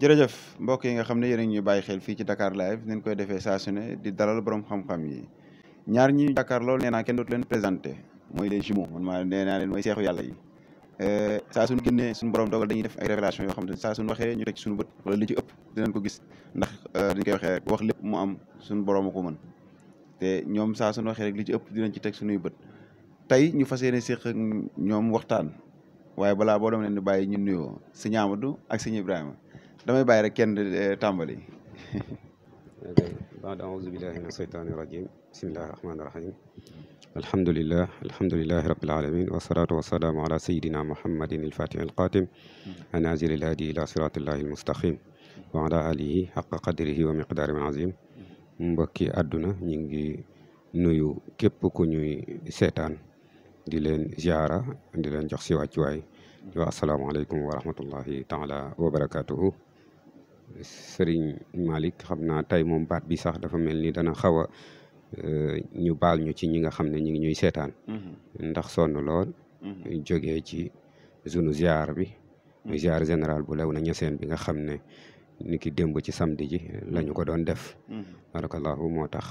jërëjëf mbokk yi nga xam ne yéen a bàyyi xel fii ci Dakar live nañ koy defee saa su di dalal boroom xam-xam yi ñaar ñi jàkkaar lool nee naa kenn dootu leen présenté mooy les jumeaux man maa nee naa leen mooy seexu yàlla yi eh, saa suñu ne suñu borom dogal dañuy def a révélation yoo xam ne saa suñu waxee ñu teg suñu bët wala li ci ëpp dinañ ko gis ndax eh, dañ koy waxee rek lépp mu am suñu borom ko mën te ñoom saa suñu waxee li ci ëpp dinañ ci teg suñuy bët tey ñu fas yéene séq ak ñoom waxtaan waaye balaa boo doom leen di bàyyi ñu nuyoo sëñ Amadou ak sëñ Ibrahima damay bàyyi rek kenn eh, tàmbali. baada auzu billahi min asheytaani rajim bismillahi rahmaani rahim alhamdulilah alhamdulilahi rabbil alamin wasalaatu wasalaamu ala sayidina muhammadin alfatih alqatim anazil alhadi ila siratillahi almustaqim wa ala alihi qadrihi wa miqdaari azim mbokki àdduna ñu nuyu képp ku ñuy seetaan di leen ziara di leen jox si wàccuwaay di wa asalaamaaleykum wa rahmatullahi taala wa barakatuhu sëriñ Malick xam naa tey moom baat bi sax dafa mel ni dana xaw a euh, ñu baal ñu ci ñi nga xam ne ñu ngi ñuy seetaan. Mm-hmm. ndax sonn lool. Mm-hmm. jógee ci zone ziar bi. Mm-hmm. ziar général bu Léona Niassène bi nga xam ne ni ki démb ci samedi ji lañu ko doon def. barakallahu moo tax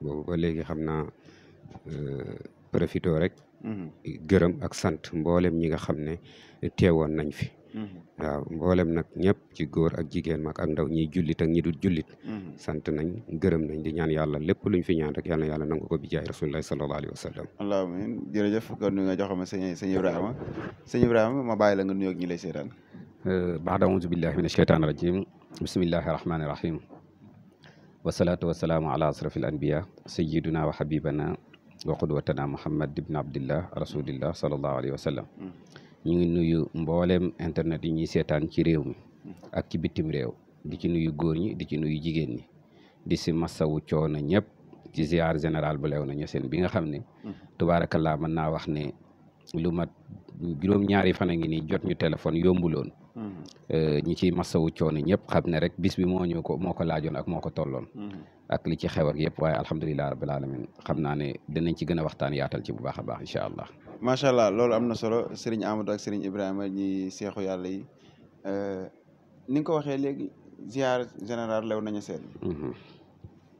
boobu ba léegi xam naa euh, profito rek. gërëm ak sant mboolem ñi nga xam ne teewoon nañ fi. Mm-hmm. waaw mboolem nag ñëpp ci góor ak jigéen mag ak ndaw ñiy jullit ak ñi dul jullit mm-hmm. sant nañ gërëm nañ di ñaan yàlla lépp luñ fi ñaan rek yàlla na yàlla nangu ko bi jaay rasulullahi sallallahu alayhi wa sallam alamin jërëjëf kon nu nga joxama sëñ sëñ ma bàyyi la nga nuyoog ñi lay seetaan euh, baada auzu billahi min asheytaan rajim bismillahi rahmaani rahim wasalaatu wasalaamu ala asrafil anbiya sayiduna wa habibana wa qudwatana muhammad ibn abdillah rasulillah sallallahu alayhi wa sallam mm-hmm. ñu ngi nuyu mboolem internet yi ñuy seetaan ci réew mi ak ci bitim réew di ci nuyu góor ñi di ci nuyu jigéen ñi di si masawu coono ñëpp ci ziar général bu lew na ñu seen bi nga xam ne tubaarakallaa mën naa wax ne lu mat juróom-ñaari fan a ngi nii jot ñu téléphone yombuloon mhm. euh, ñi ciy masawu coono ñëpp xam ne rek bis bi moo ñu ko moo ko laajoon ak moo ko tolloon mhm. ak li ci xew ak yëpp waaye alhamdulilah rabbil alamin xam naa ne dinañ ci gën a waxtaan yaatal ci bu baax a baax incha allah macha allah loolu am na solo Serigne Amadou ak Serigne Ibrahima ñi seexu yàlla yi euh, ni nga ko waxee léegi ziar général lew nañu seen mhm.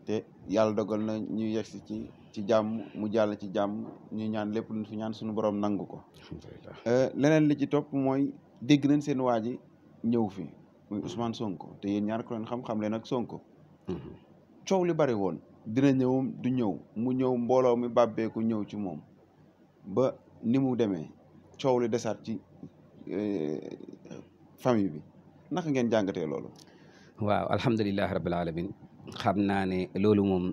te yàlla dogal na ñu yegsi ci ci jàmm mu jàll ci jàmm ñu ñaan lépp luñ fi ñaan suñu borom nangu ko euh, leneen li ci topp mooy dégg nañ seen waa ji ñëw fi muy mhm. sonk Sonko te yéen ñaar ko leen xam-xam leen ak Sonko mhm. coow li bari woon dina ñëwum du ñëw mu ñëw mbooloo mi bàbbeeku ñëw ci moom ba ni mu demee coow li desaat ci eh, famille bi naka ngeen jàngatee loolu. waaw alhamdulilah rabil alamin xam naa ne loolu moom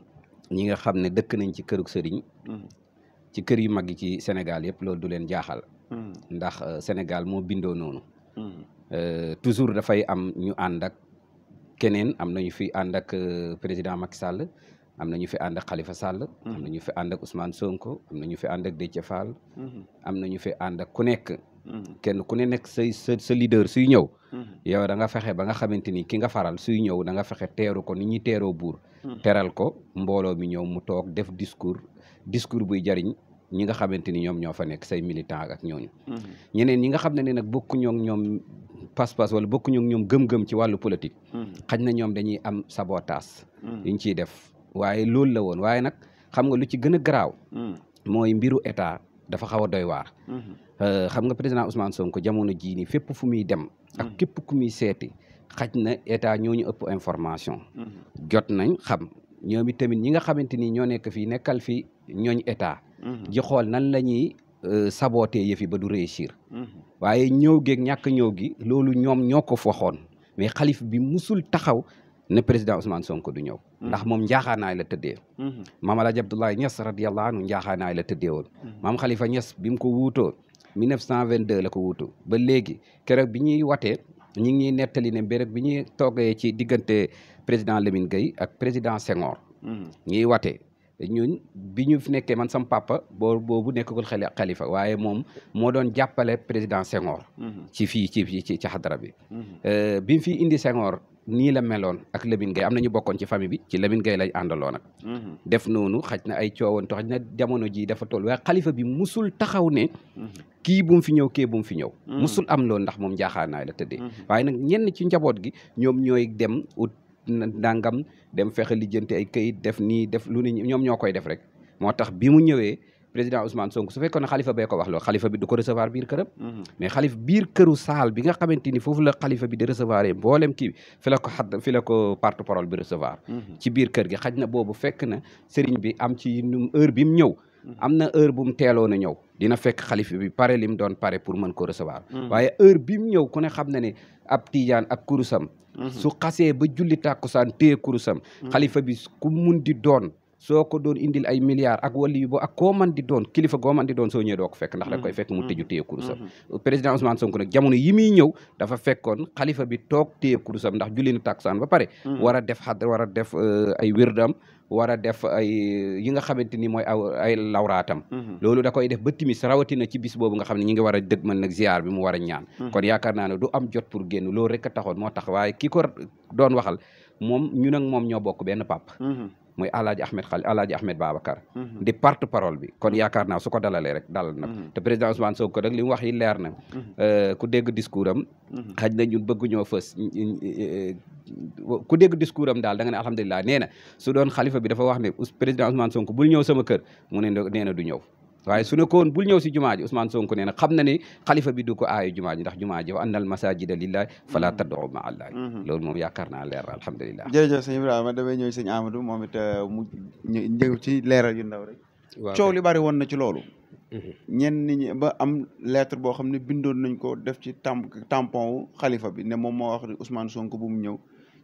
ñi nga xam ne dëkk nañ ci kërug sëriñ. Hmm. ci kër yu mag yi ci Sénégal yëpp loolu du leen jaaxal. Hmm. ndax euh, Sénégal moo bindoo noonu. Hmm. Euh, toujours dafay am ñu ànd keneen am nañu fi ànd ak euh, président Macky Sall. am na ñu fi ànd ak Khalifa Sall. am mm-hmm. na ñu fi ànd ak Ousmane Sonko am na ñu fi ànd ak Déthié Fall. Mm-hmm. am na ñu fi ànd ak ku nekk. Mm-hmm. kenn ku ne nekk sa sa leader suy ñëw. yow da nga fexe ba nga xamante ni ki nga faral suy ñëw da nga fexe teeru ko ni ñuy teeroo buur. teral ko mbooloo mi ñëw mu toog def discours discours buy jariñ ñi nga xamante ni ñoom ñoo fa nekk say militant ak ñooñu. ñeneen ñi nga xam ne ne nag bokkuñoo ak ñoom pas-pas wala bokkuñoo ak ñoom gëm-gëm ci wàllu politique. xaj na ñoom dañuy am sabotage. ciy def. waaye loolu la woon waaye nag xam nga lu ci gën garaaw hmm. mooy mbiru état dafa xaw a doy waar hmm. euh, xam nga président Ousmane Sonko jamono jii nii fépp fu muy dem ak hmm. képp ku muy seeti xaj na état ñooñu ëpp information jot nañ xam ñoom tamit ñi nga xamante ni ñoo nekk fii nekkal fi ñooñ état ji nan la ñuy euh, sabootee yëf yi ba du réussir waaye ñëw geeg ñàkk ñëw gi loolu ñoom ñoo ko waxoon mais xalif bi musul taxaw ne président Ousmane Sonko du ñëw. ndax moom njaaxaanaay la tëddee. Mhm. maam El Hadj Abdoulaye Niass radiyallahu anhu njaaxaanaay la tëddee woon. Mhm. maam Khalifa Niass bi mu ko wuutoo 1922 la ko wuto ba léegi keroog bi ñuy watee ñi ngi ñuy nettali ne béréb bi ñuy toogee ci diggante président lemin Gueye ak président Senghor. Mhm. ñi watee ñun bi ñu fi nekkee man sam papa boo boobu nekkagul xel xalifa waaye moom moo doon jàppale président Senghor. ci fii ci ci bi. Euh, bi mu fi indi Senghor. nii la meloon ak Lamine Gueye am na ñu bokkoon ci famille bi ci Lamine Gueye lañ àndaloon ak. Mhm. def noonu xaj na ay coowoon te xaj na jamono jii dafa toll waaye xalifa bi musul taxaw ne. kii bu fi ñëw kii bu mu fi ñëw. Mhm. musul am loon ndax moom jaaxaanaay la tëddee. Mhm. waaye nag ñenn ci njaboot gi ñoom ñooy dem ut ndàngam dem fexe lijjante ay këyit def nii def lu ñoom ñoo koy def rek moo tax bi mu ñëwee. président Ousmane Sonko su fekkoon ne xalifa bee ko wax loolu xalifa bi du ko recevoir biir këram mhm. mais xalif bi nga xamante ni foofu la xalifa bi di recevoir yi mboolem kii fi la ko xadd fi la ko porte parole bi recevoir mhm. ci biir kër gi xaj na boobu fekk na sëriñ bi am ci num heure bi mu ñëw mhm. am na heure bu mu teeloon a ñëw dina fekk xalifa bi pare li mu doon pare pour man ko recevoir waaye heure bi mu ñëw ku ne xam na ne ab tijaan ak kurusam su xasee ba julli tàkkusaan téye kurusam xalifa bi ku mun di doon soo ko doon indil ay milliards ak wàllu yu bo ak koo man di doon kilifa ko man di doon soo ñëwee doo ko fekk ndax da koy fekk mu tëju téye kurusam mm-hmm. Mm-hmm. Mm-hmm. président Ousmane Sonko nag jamono yi muy ñëw dafa fekkoon kalifa bi toog téye kurusam ndax julli na taksaan ba pare war a def war a def euh, ay wérdam war a def ay yi nga xamante ni mooy aw ay lawraatam loolu da koy def ba timis rawatina ci bis boobu nga xam ne ñi ngi war a dëgmal nag ziar bi mu war a ñaan kon yaakaar naa ne du am jot pour génn loolu rek a moo tax waaye ki ko doon waxal moom ñun ak moom ñoo bokk benn pap mooy alaaji ahmed xali alaaji ahmed babacar mhm. di porte parole bi kon yaakaar na su ko dalalee rek dalal na mhm. te président Ousmane ko rek li mu wax yi leer na mhm. euh, ku dégg discours am xaj na ñun bëgg ñoo fës euh, ku dégg discours am daal da nga ne alhamdulilah nee na su doon xalifa bi dafa wax ne président Ousmane Sonko bul ñëw sama kër mu ne nee na du ñëw waaye su ne bul ñëw si jumaa ji Ousmane Sonko nee na xam na ni xalifa bi du ko aayu jumaa ji ndax jumaa ji wa annal masajida lillahi fala mm-hmm. tad'u ma allahi mm-hmm. loolu moom yaakaar naa leer alhamdulilah jërëjëf sëñ Ibrahima damay ñëw sëñ Amadou moom it euh, mu ñëw ci leeral yu ndaw rek waaw coow li bari woon na ci loolu mm-hmm. ñenn ñi ba am lettre boo xam ne bindoon nañ ko def ci tam tampon wu xalifa bi ne moom moo wax ni Ousmane Sonko bu mu ñëw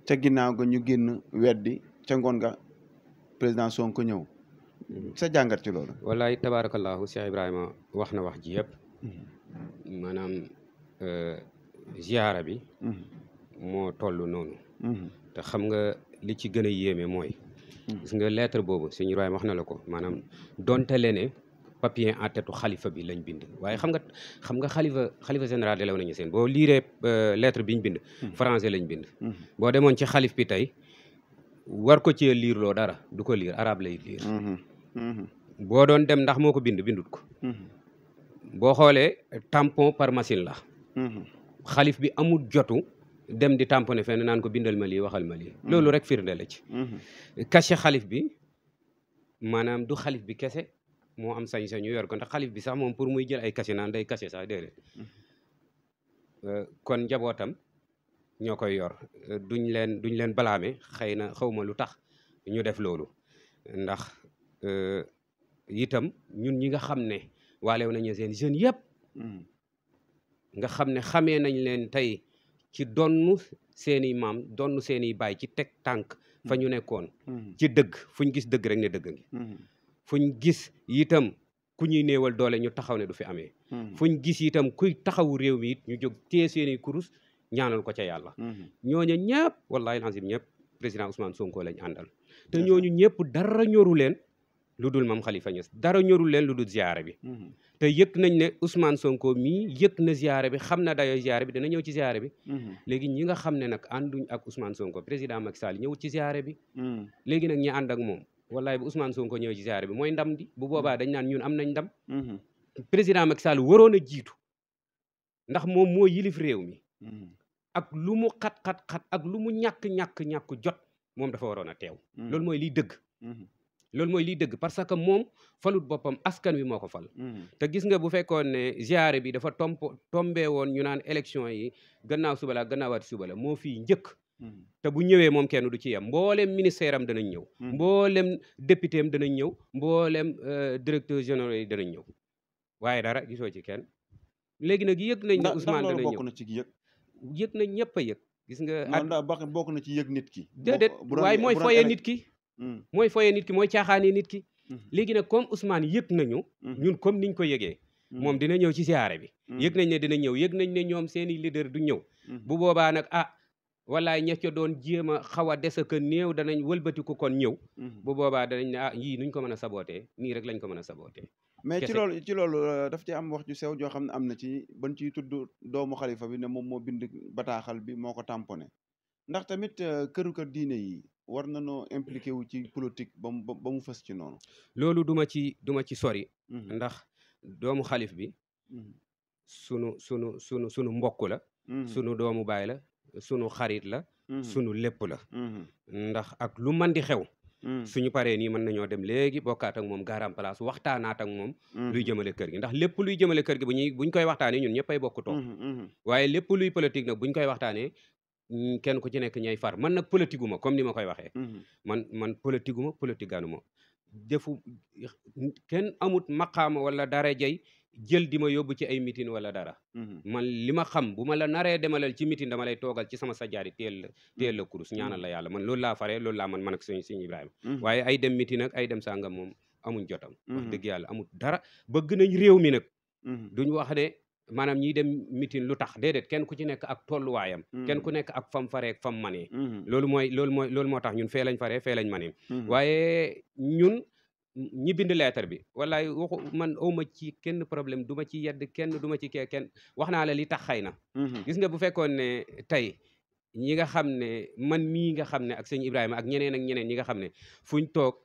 ca ginnaaw ga ñu génn weddi ca ngoon ga président Sonko ñëw sa jàngat ci loolu. wallaay tabaarakallaahu Cheikh Ibrahima wax na wax ji yëpp. Mm-hmm. maanaam euh, ziyaara bi. Mm-hmm. moo toll noonu. Mm-hmm. te xam nga li ci gën a yéeme mooy. gis nga lettre boobu sëñ Ibrahima wax na la ko maanaam donte le ne entetu xalifa bi lañ bind waaye xam nga xam nga xalifa xalifa général de law nañu seen boo liiree euh, lettre biñ bind français lañ bind boo demoon ci xalif bi tey war ko ci liir loo dara du ko liir arabe lay liir Mhm. boo doon dem ndax moo ko bind bindut ko mhm. boo xoolee tampon par machine la mhm. xalif bi amul jotu dem di tamponné fenn naan ko bindal ma lii waxal ma lii loolu rek firnde la ci cachet xalif bi maanaam du xalif bi kese moo am sañ-sañu yor kon ndax xalif bi sax moom pour muy jël ay cachet naan day cachet sax déedéet euh, kon njabootam ñoo koy yor euh, duñ leen duñ leen balaame xëy na ma lu tax ñu def loolu ndax Euh, itam ñun ñi nga xam ne waalew nañu seen jeunes yëpp hmm. nga xam ne xamee nañ leen tey ci donnu seeni maam donnu seeni baay ci teg tànk fa hmm. ñu nekkoon hmm. ci dëgg fuñ gis dëgg rek ne dëgg ngi fuñ gis itam ku ñuy néewal doole ñu taxaw ne du fi amee fuñ gis itam kuy taxawu réew mi it ñu jóg tee seeni kurus ñaanal ko ca yàlla ñooñu ñëpp wallaahi alazim ñëpp président Ousmane Sonko lañ àndal te ñooñu ñëpp dara ñoru leen lu dul maam Khalifa Niass dara ñorul leen lu dul ziyaare bi mhm. te yëg nañ ne Ousmane Sonko mii yëg na ziyaare bi xam na dayoo ziyaare bi dana ñëw ci ziyaare bi mhm. léegi ñi nga xam ne nag ànduñ ak Ousmane Sonko président Macky Sall ñëwut ci ziyaare bi mhm. léegi nag ñi ànd ak moom wallaay bu Ousmane Sonko ñëwee ci ziyaare bi mooy ndam di bu boobaa dañ naan ñun am nañ ndam président Macky Sall waroon a jiitu ndax moom moo yilif réew mi ak lu mu xat-xat-xat ak lu mu ñàkk-ñàkk-ñàkk jot moom dafa waroon a teew loolu mooy liy dëgg loolu mooy li dëgg parce que moom falut boppam askan wi moo ko fal mm-hmm. te gis nga bu fekkoon ne ziare bi dafa tomp tombee woon ñu naan élection yi gannaaw suba la gannaawaati suba la moo fii njëkk mm-hmm. te bu ñëwee moom kenn du ci yem mboolem ministère am danañ ñëw mm-hmm. mboolem député am danañ ñëw mboolem euh, directeur général yi danañ ñëw waaye dara gisoo ci kenn léegi nag yëg nañ ne Ousmane danañ ñëw ci yëg yëg nañ ñëpp gis nga. at bokk na ci yëg nit ki. waaye mooy foyee nit ki. Mm. mooy foyee nit ki mooy caaxaanee nit ki mm-hmm. léegi nag comme Ousmane yëg nañu mm-hmm. ñun comme niñ ko yëgee mm-hmm. moom dina ñëw ci siyaare bi yëg nañ ne dina ñëw yëg nañ ne ñoom seeni leader du ñëw bu boobaa nag ah wallaay ña ca doon jéem a xaw a des néew danañ wëlbatiku kon ñëw bu boobaa danañ ne ah yii nuñ ko mën a saboote nii rek lañ ko mën a saboote mais ci loolu ci euh, daf ci am wax ju sew joo xam ne am na ci ban ciy tudd doomu xalifa bi ne moom moo bind bataaxal bi moo ko tamponné ndax tamit euh, këru kër war nañoo impliqué wu ci politique ba mu ba mu fës ci noonu. loolu duma ci duma ci sori. Mhm. ndax doomu xalif bi. Mhm. sunu sunu sunu sunu mbokk la. Mhm. sunu doomu baay la sunu xarit la. sunu lépp la. ndax ak lu mën di xew. suñu paree nii mën nañoo dem léegi bokkaat ak moom garam place waxtaanaat ak moom. luy jëmale kër gi ndax lépp luy jëmale kër gi bu ñuy buñ koy waxtaanee ñun ñëppay bokk toog. waaye lépp luy politique na buñ koy waxtaanee Mm, kenn ku ci nekk ñay far man nag politique ma comme ni ma koy waxee. Mm-hmm. man man politique ma politique gaanu ma defu kenn amut maqaama wala dara jay jël di ma yóbbu ci ay mitin wala dara. Mm-hmm. man li ma xam bu ma la naree demalal ci mitin dama lay toogal ci sama sajaari teel la mm-hmm. teel la kurus ñaanal la yàlla man loolu laa faree loolu laa man man ak sëñ sëñ Ibrahima. waaye ay dem mitin ak ay dem sàngam moom amuñ jotam. dëgg yàlla amut dara bëgg nañ réew mi nag. duñ wax maanaam ñiy dem mitin lu tax déedéet kenn ku ci nekk ak tolluwaayam mm. kenn ku nekk ak fam fare ak fam manee mm-hmm. loolu mooy loolu mooy loolu moo tax ñun fee lañ faree fee lañ manee mm-hmm. waaye ñun ñi bind leetar bi wallaay waxu man awma ci kenn problème duma ci yedd kenn du ma ci kee kenn wax naa la li tax xëy na mm-hmm. gis nga bu fekkoon ne tey ñi nga xam ne man mii nga xam ne ak sëñ Ibrahima ak ñeneen ak ñeneen ñi nga xam ne fuñ toog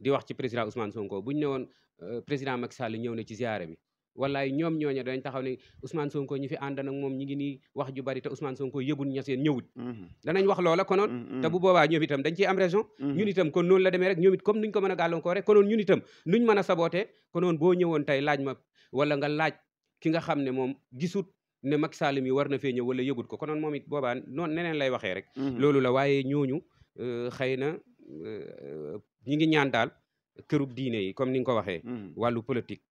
di wax ci président Ousmane Sonko buñ ne woon euh, président Macky Sall ñëw na ci ziyaare bi wallaay ñoom ñooñu dañ taxaw ne Ousmane Sonko ñi fi ànd nag moom ñi ngi nii wax ju bari te Ousmane Sonko yëgul ña seen ñëwut mm-hmm. danañ wax loola konoon mm-hmm. te bu boobaa ñoom itam dañ ciy am raison mm-hmm. ñun itam kon noonu la demee rek ñoom it comme nuñ ko mën a gàllankoor rek konoon ñun itam nuñ mën a sabootee konoon boo ñëwoon tey laaj ma wala nga laaj ki nga xam ne moom gisut ne Macky Sall mi war na fee ñëw wala yëgut ko konoon moomit it boobaa noonu neneen lay waxee rek loolu la waaye ñooñu euh, xëy na euh, ñi ngi ñaan daal kërub diine yi comme ni nga ko waxee wàllu politique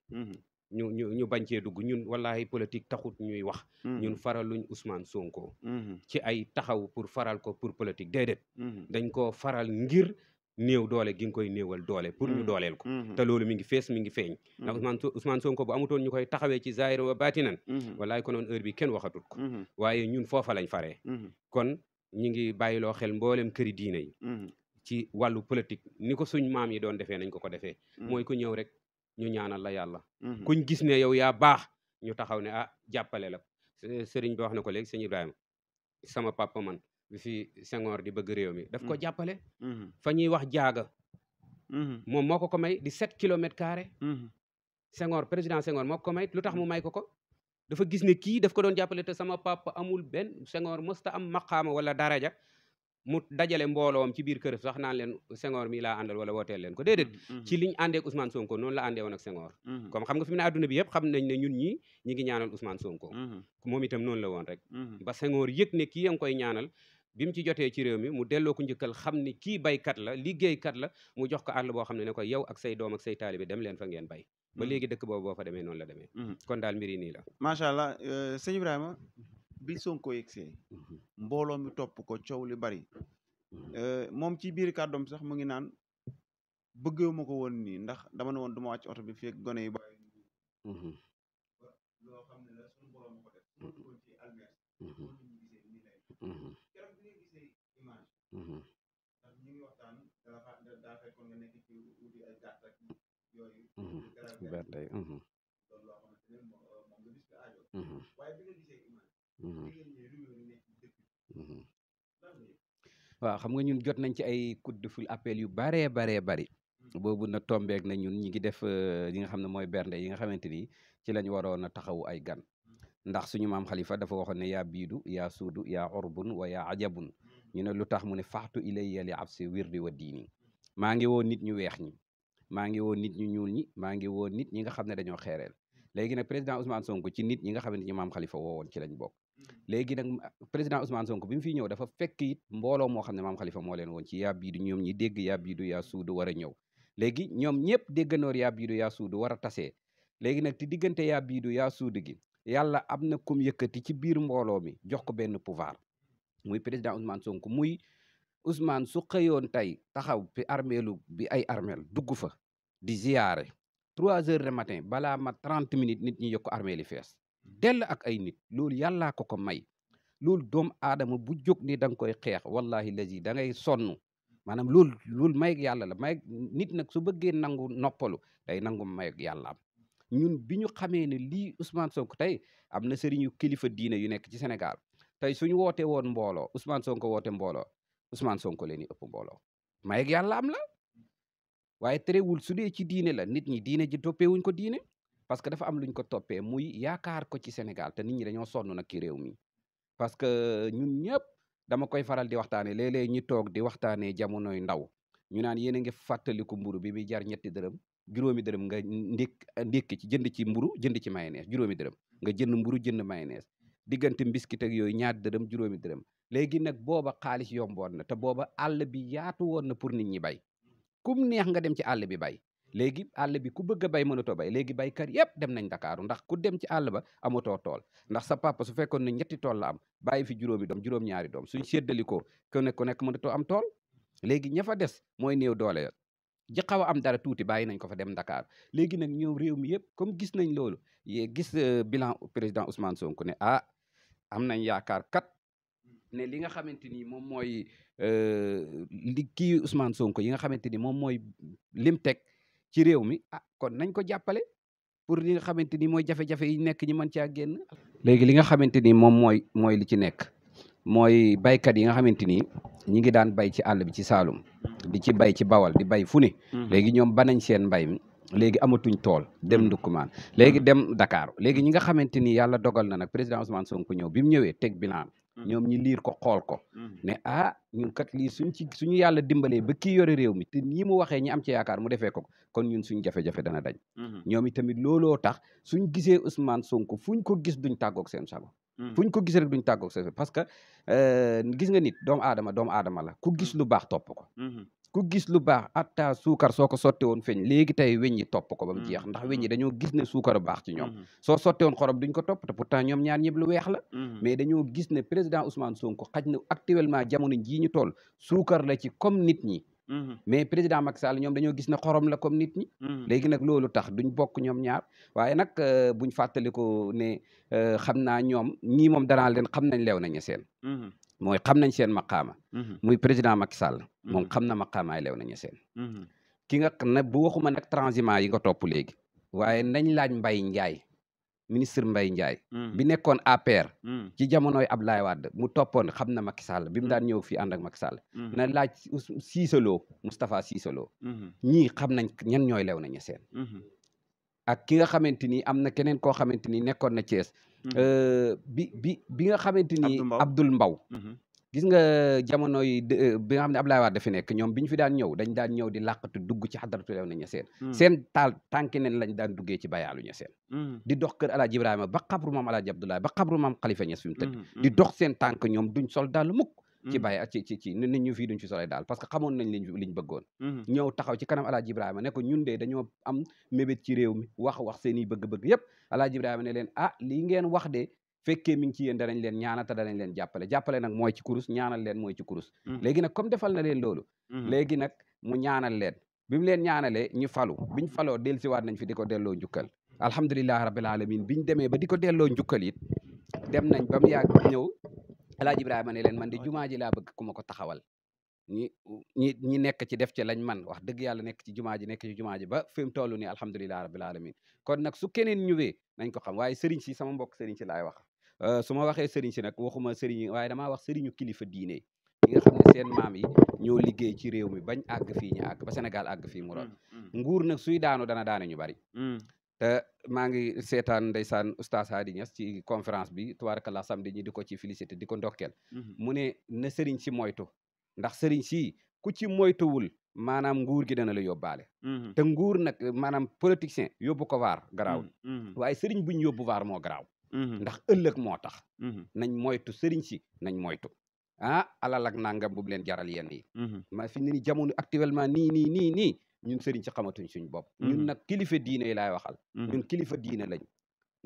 ñu ñu ñu bañ cee dugg ñun wallahi politique taxut ñuy wax. Hmm. ñun faraluñ Ousmane Sonko. Hmm. ci ay taxaw pour faral ko pour politique déedéet. Hmm. dañ koo faral ngir néew doole gi nga koy néewal doole pour ñu dooleel ko. te loolu mi ngi fees mi ngi feeñ. ndax Ousmane Ousmane Sonko bo amutoon ñu koy taxawee ci zaahir wa baatinan. wallahi konoon heure bi kenn waxatul ko. waaye ñun foofa lañ fare kon ñu ngi bàyyiloo xel mboolem këri diine yi. ci wàllu politique ni ko suñ maam yi doon defee nañ ko ko defee. mooy ku ñëw rek. ñu ñaanal la yàlla mmh kuñ gis ne yow yaa baax ñu taxaw ne ah jàppale la sëriñ bi wax na ko léegi sëñ Ibrahima sama papa man bi fi Senghor di bëgg réew mi daf ko mmh. jàppale mmh fa ñuy wax jaaga moom moo ko ko may di sept kilomètres carré Senghor président Senghor moo ko may lu tax mu may ko ko dafa gis ne kii daf ko doon jàppale te sama papa amul benn Senghor mosta am maqaama wala daraja mu dajale mbooloom ci biir kër sax naan leen Senghor mi laa àndal wala wooteel leen ko déedéet mm-hmm, mm-hmm. ci liñ àndee ak Ousmane Sonko noonu la àndee ak Senghor mm-hmm. comme xam nga fi mu ne adduna bi yëpp xam ne ñun ñi ñi ngi ñaanal Ousmane Sonko moom itam noonu la woon rek ba Senghor yëg ne kii ya koy ñaanal bi mu ci jotee ci réew mi mu delloo ko njëkkal xam ni kii baykat la liggéeykat la mu jox ko àll boo xam ne ne ko yow ak say doom ak say taalibe dem leen fa la demee kon daal bi Sonko yegsee mhm. mbooloo mi topp ko coow li bari mhm. eh, moom ci biir kàddoom sax mu ngi naan bëggewu ma ko woon nii ndax dama ne woon duma wàcc oto bi fekk gone yu bàyyi mhm. loo xam ne la suñu borom ko Mmh mmh waaw xam nga ñun jot nañ ci ay coup de fil appel yu baree bare bari boobu na tombeek na ñun ñi ngi def euh, li nga xam ne mooy bernde yi nga xamante ni ci lañ waroon a taxawu ay gan ndax suñu maam xalifa dafa waxoon ne yaa biidu yaa suudu yaa orbun wa yaa ajabun ñu ne lu tax mu ne faxtu ilayya li ab si wirdi wa diini maa ngi woo nit ñu weex ñi maa ngi woo nit ñu ñuul ñi maa ngi woo nit ñi nga xam ne dañoo xeereel léegi na président Ousmane Sonko ci nit ñi nga xamante ni maam xalifa woowoon ci lañ bokk léegi nag président Ousmane Sonko bi mu fi ñëw dafa fekk it mbooloo xam ne maam Khalifa moo leen woon ci yaa biidu ñoom ñi dégg yaa biidu yaa suudu war a ñëw léegi ñoom ñëpp déggandoor yaa biidu yaa suudu war a tasee léegi nag ti diggante yaa biidu yaa suudu gi yàlla am na kum yëkkati ci biir mbooloo mi jox ko benn pouvoir muy président Ousmane Sonko muy Ousmane su tey taxaw fi armeelu bi ay armeel dugg fa di ziyaare trois heures du matin balaa ma trente minutes nit ñi yokk armeel yi fees dell ak ay nit loolu yàllaa ko ko may loolu doom aadama bu jóg ni da nga koy xeex wallahi lazi da ngay sonn maanaam loolu loolu mayeg yàlla la mayeg nit nag su bëggee nangu noppalu day nangu mayeg yàlla am ñun bi ñu xamee ne lii Ousmane Sonko tey am na sëriñu kilifa diine yu nekk ci Sénégal tey suñu woote woon mbooloo Ousmane Sonko woote mbooloo Ousmane Sonko leen ëpp mbooloo mayeg yàlla am la waaye terewul su dee ci diine la nit ñi diine ji toppee wuñ ko diine parce que dafa am lu ñu ko toppee muy yaakaar ko ci Sénégal te nit ñi dañoo sonn nag ci réew mi parce que euh, ñun ñëpp dama koy faral di waxtaanee léeg-léeg toog di waxtaanee jamonoy ndaw ñu naan yéen a ngi fàttaliku mburu bi muy jar ñetti dërëm juróomi dërëm nga ndékk ndékki ci jënd ci mburu jënd ci mayonnaise juróomi dërëm nga jënd mburu jënd mayonnaise diggante mbiskit ak yooyu ñaar dërëm juróomi dërëm léegi nag booba xaalis yomboon na te booba àll bi yaatu woon na pour nit ñi bay kum neex nga dem ci àll bi bay léegi àll bi ku bëgg bay mënatoo bay léegi baykat yëpp dem nañ Ndakaaru ndax ku dem ci àll ba amatoo tool ndax sa papa su fekkoon ne ñetti tool la am bàyyi fi juróomi doom juróom-ñaari doom suñ séddalikoo ku nekk ku nekk mënatoo am tool léegi ña fa des mooy néew doole ya ji a am dara tuuti bàyyi nañ ko fa dem Dakar léegi nag ñoom réew mi yëpp comme gis nañ loolu gis euh, bilan président Ousmane Sonko ne ah am nañ yaakaar kat ne li nga xamante ni moom mooy euh, li kii Ousmane yi nga xamante ni moom mooy lim teg ci réew mi ah kon nañ ko jàppale pour li nga xamante ni mooy jafe-jafe yi nekk ñi mën caa génn. léegi li nga xamante ni moom mooy mooy li ci nekk mooy baykat yi nga xamante ni ñi ngi daan bay ci àll bi ci Saalum di ci bay ci Bawal di bay fu ne. Mhm. léegi ñoom banañ seen mbay mi léegi amatuñ tool dem mhm. ndukkumaan léegi mhm. dem Dakar léegi ñi nga xamante ni yàlla dogal na nag président Ousmane Sonko ñëw bi mu ñëwee teg bilan Mmh. ñoom ñi liir ko xool ko mmh. ne ah ñun kat lii suñ ci suñu yàlla dimbalee ba kii yore réew mi te ñi mu waxee ñi am ci yaakaar mu defee ko kon ñun suñ jafe-jafe dana dañ mmh. ñoom i tamit looloo tax suñ gisee Ousmane Sonko fuñ ko gis duñ tàggoog seen sago fuñ ko gis rek duñ tàggoog seen parce que euh, gis nga nit doom aadama doomu aadama la ko gis lu baax topp ko ku gis lu baax atta suukar soo ko sotte woon feeñ léegi tey weñ ñi topp ko ba mmh. jeex ndax weñ ñi mmh. dañoo gis ne suukar baax ci ñoom mmh. soo sotte woon xorom duñ ko topp te pourtant ñoom ñaar ñëpp lu weex la mais dañoo gis ne président Ousmane Sonko xaj na actuellement jamono jii ñu toll suukar la ci comme nit ñi mais président Macky Sall ñoom dañoo gis ne xorom la comme nit ñi léegi nag loolu tax duñ bokk ñoom ñaar waaye nag euh, buñ fàttaliku ne euh, xam naa ñoom ñii moom danaa leen xam nañ lew nañu seen mooy xam nañ seen maqaama. Mhm. muy président Macky Sall. moom mhm. xam na maqaamaay lew nañu seen. Mhm. ki nga na bu waxuma nag transhumant yi nga topp léegi. waaye nañ laaj Mbaye Ndiaye ministre Mbaye Ndiaye. bi nekkoon APR. ci jamonoy Abdoulaye Wade mu toppoon xam na Macky Sall bi mu daan ñëw fii ànd ak Macky Sall. na laaj Cissé Lo Moustapha Cissé Lo. ñii xam nañ ñan ñooy lew na seen. ak ki nga xamante ni am na keneen koo xamante ni nekkoon na Thiès. Mhm. Euh, bi bi bi nga xamante ni. Abdoul Mbaw mhm. gis nga jamono yi euh, bi nga xam ne Abdoulaye Wade dafi nekk ñoom bi ñu fi daan ñëw dañ daan ñëw di làqatu dugg ci xadaratu lew na ñeseen mhm. seen taal tànki neen lañ daan duggee ci bayaalu ñeseen di dox kër Alaaji Ibrahima ba xabru maam Alaaji ba xabru maam Xalifa Ñas fi mu tëdd di dox seen tànk ñoom duñ sol daal ci mmh. bàyyi ci ci ci nit ñu fii duñ ci sore daal parce que xamoon nañ liñ liñ bëggoon mmh. ñëw taxaw ci kanam alaaji ibrahima ne ko ñun de dañoo am mébét ci réew mi wax wax seen i bëgg-bëgg yépp alaaji ibrahima ne leen ah lii ngeen wax de fekkee mi ngi ci yéen danañ leen ñaanal te danañ leen jàppale jàppale nag mooy ci kurus ñaanal leen mooy ci kurus mmh. léegi nag comme defal na leen loolu léegi nag mu ñaanal leen bi mu leen ñaanalee ñu falu biñ faloo del siwaat nañ fi di ko delloo njukkal alhamdulilahi rabbil alamin biñ demee ba di ko delloo njukkal it dem nañ ba mu yàgg ñëw alaaji ibrahima ne leen man di jumaa ji laa bëgg ku ma ko taxawal ñi ñi ñi nekk ci def ci lañ man wax dëgg yàlla nekk ci jumaa ji nekk ci jumaa ji ba fi tollu ni nii alhamdulilah rabbil alamin kon nag su keneen ñëwee nañ ko xam waaye sëriñ si sama mbokk sëriñ si laay wax euh, su ma waxee sëriñ si nag waxuma sëriñ waaye damaa wax sëriñu kilifa diine yi xam ne seen maam yi ñoo liggéey ci réew mi bañ àgg fii ñu àgg ba Sénégal àgg fii mu roon nguur nag suy daanu dana daane ñu bari maa ngi seetaan ndeysaan oustaz Hady Niass ci conférence bi tubaarkalla samedi ñi di ko ci félicité di ko ndokkeel mhm. mu ne na sëriñ si moytu ndax sëriñ si ku ci moytuwul maanaam nguur gi dana la yóbbaale mhm. te nguur nag maanaam politicien yóbbu ko waar garaaw mhm. waaye sëriñ buñ yóbbu waar moo garaaw ndax ëllëg moo tax nañ moytu seriñ si nañ moytu ah alal ak nangam bu leen jaral yenn yi fi ni jamono actuellement nii nii nii ñun sëriñ si xamatuñ suñ bopp ñun mmh nag kilifa diine yi waxal mmh ñun kilifa diine lañ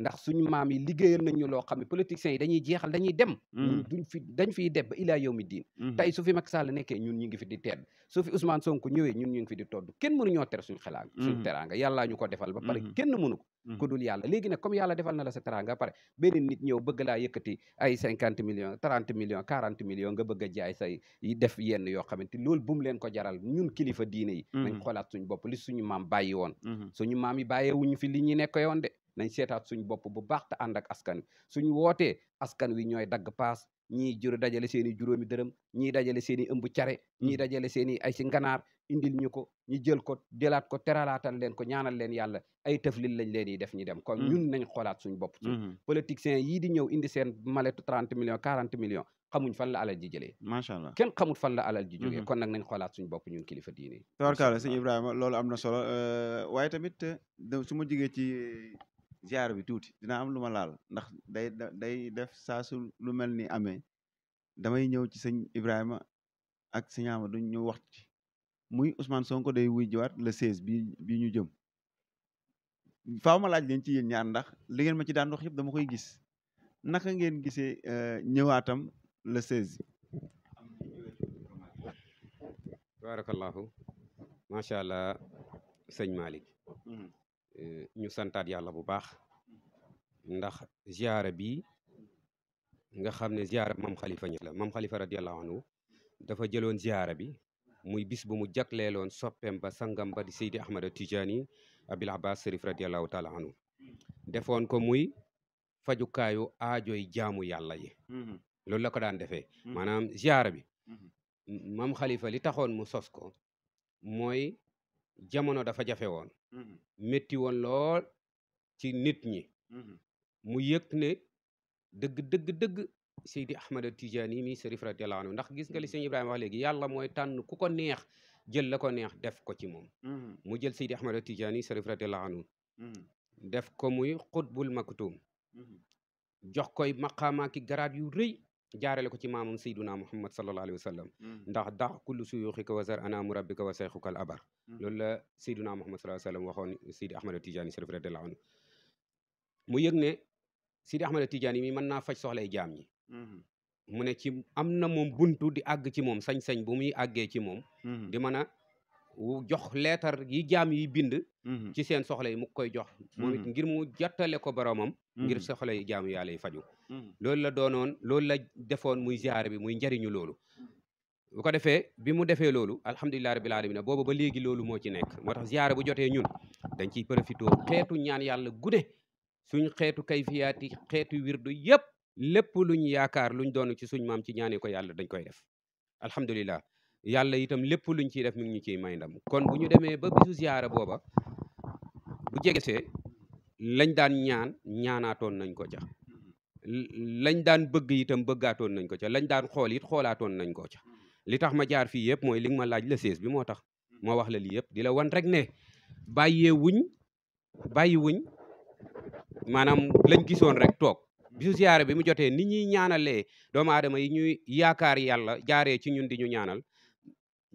ndax suñu maam yi liggéeyal nañ ñu loo xam ne politiciens yi dañuy jeexal dañuy dem ñun mmh duñ fi dañ fiy deb ba ilaa yow mi diin tey su fi Macky Sall nekkee ñun ñu ngi fi di tedd su fi Ousmane Sonko ñëwee ñun ñu ngi fi di kenn mënu ñoo ter suñ xelaang suñ teraanga ñu ko defal ba pare kenn mënu ko Mmh ku dul yàlla léegi nag comme yàlla defal na la sa teraanga pare beneen nit ñëw bëgg laa yëkkati ay cinquante millions trente millions quarante millions nga bëgg a jaay say def yenn yoo xamante loolu bu mu ko jaral ñun kilifa diine yi mmh nañ xoolaat suñ bopp li suñu maam bàyyi woon mmh suñu maam yi bàyyee wuñu fi li ñuy nekk de nañ seetaat suñu bopp bu baax te ànd ak askan wi suñu wootee askan wi ñooy dagg paas ñii dajale seen i juróomi dërëm ñii dajale seen i ëmb care ñii dajale seen i ay si nganaar indil ñu ko ñu jël ko jëlaat ko teralaatal leen ko ñaanal leen yàlla ay tëflil lañ leen yi def ñu dem kon ñun mm-hmm. nañ xoolaat suñu bopp suñ mm-hmm. politiciens di ñëw indi seen maletu trente millions quarante millions xamuñ fan la alal ji jëlee macha allah fan la alal ji jógee mm-hmm. kon nag nañ xoolaat suñu bopp ñun kilifa diine tabarkaala sëñ Ibrahima loolu ziar bi tuuti dina am lu ma laal ndax day day def saa lu mel ni amee damay ñëw ci sëñ Ibrahima ak sëñ Amadou ñu wax muy Ousmane Sonko day wuy jiwaat le 16 bi bi ñu jëm faaw ma laaj leen ci yéen ñaar ndax li ma ci daan wax yëpp dama koy gis naka ngeen gisee euh, ñëwaatam le 16. tabarakallahu macha allah sëñ Malick hmm. ñu santaat yàlla bu baax ndax ziara bi nga xam ne ziara mam xalifa ñi la mam xalifa dafa jëloon ziara bi muy bis bu mu jagleeloon soppeem ba sangam ba di Seydi Ahmada Tijaani Abil Abbas Sharif radiallahu taala defoon ko muy fajukaayu aajoy jaamu yàlla yi mm-hmm. loolu la ko daan defee mm-hmm. maanaam ziara bi mam mm-hmm. xalifa li taxoon mu sos ko mooy jamono dafa jafe woon métti mmh. woon lool ci nit ñi mmh. mu yëg ne dëgg dëgg dëgg Seydi Ahmada Tijaani mi sërif radiyallahu anhu ndax gis nga li mmh. sëñ Ibrahima wax léegi yàlla mooy tànn ku ko neex jël la ko neex def ko ci moom mu jël Seydi Ahmada Tijaani sërif radiyallahu def ko muy xutbul maktum jox koy maqaamaaki garaat yu rëy jaarale ko ci maamam sayduna muhammad sallallahu alayhi wa sallam mm. ndax dax kullu suyuxika wa zar ana murabbika wa sayxuka al abar mm. loolu la sayduna muhammad sallallahu alayhi wa sallam waxoon sidi ahmada tijaani sharif radiallahu anhu mu yëg ne sidi ahmada tijaani mi mën naa faj soxlay jaam ñi mm-hmm. mu ne ci am na moom buntu di àgg ci moom sañ-sañ bo muy àggee ci moom mm-hmm. di mën wu jox leetar yi jaam yi bind mmh. ci seen soxla yi mu koy jox moom mmh. ngir mu jottale ko boromam ngir mmh. soxla yi jaamu yàlla yi faju loolu la doonoon loolu la defoon muy ziyaare bi muy njariñu loolu bu ko defee bi mu defee loolu alhamdulilah rabbil alamin boobu ba léegi loolu moo ci nekk moo tax ziyaare bu jotee ñun dañ ciy profité xeetu ñaan yàlla gude suñ xeetu kayfiyaati xeetu wirdu yëpp lépp luñ yaakaar luñ doon ci suñ maam ci ñaanee ko yàlla dañ koy def alhamdulilah yàlla itam lépp luñ ciy def mi ñu ciy may ndam kon bu ñu demee ba bisu ziyaara booba bu jegesee lañ daan ñaan ñaanaatoon nañ ko ca lañ daan bëgg itam bëggaatoon nañ ko ca lañ daan xool it xoolaatoon nañ ko ca li tax ma jaar fii yëpp mooy li nga ma laaj la sées bi moo tax moo wax la lii yëpp di la wan rek ne bàyyee wuñ bàyyi wuñ maanaam lañ gisoon rek toog bisu ziyaara bi mu jotee ni ñuy ñaanale doomu yi ñuy yaakaar yàlla jaaree ci ñun di ñu ñaanal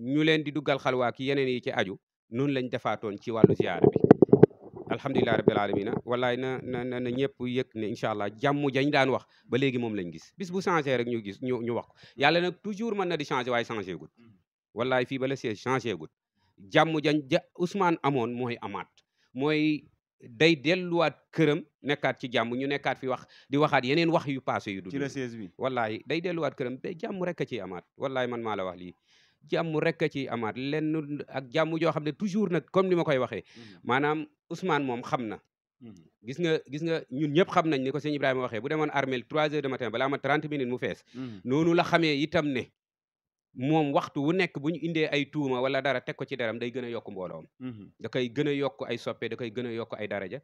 ñu leen di duggal xalwaa ki yeneen yi ci aju noonu lañ defaatoon ci wàllu ziyaara bi alhamdulilah rabbil alamina wallaay na na na ñëpp yëg ne incha allah jàmm jañ daan wax ba léegi moom lañ gis bis bu changé rek ñu gis ñu ñu wax ko yàlla nag toujours mën na di changé waaye changé gut mm. wallaay fii ba la see changé gut jàmm jañ ja Ousmane amoon mooy amaat mooy day delluwaat këram nekkaat ci jàmm ñu nekkaat fi wax di waxaat yeneen wax yu passé yu du ci la 16 bi wallaay day delluwaat këram ba rek a ciy amaat wallaay man la wax lii jàmm rek ci amaat lenn ak jàmm joo xam ne toujours nag comme ni ma koy waxee mmh maanaam Ousmane moom xam na mmh gis nga gis nga ñun ñëpp xam nañ ni ko sëñ Ibrahima waxee bu demoon armel trois heures de matin balaa ma trente minutes mu fees mmh noonu la xamee itam ne moom waxtu wu nekk bu ñu indee ay tuuma wala dara teg ko ci daram day gën a yokk mbooloom da koy gën a yokk ay soppe da koy gën a yokk ay daraja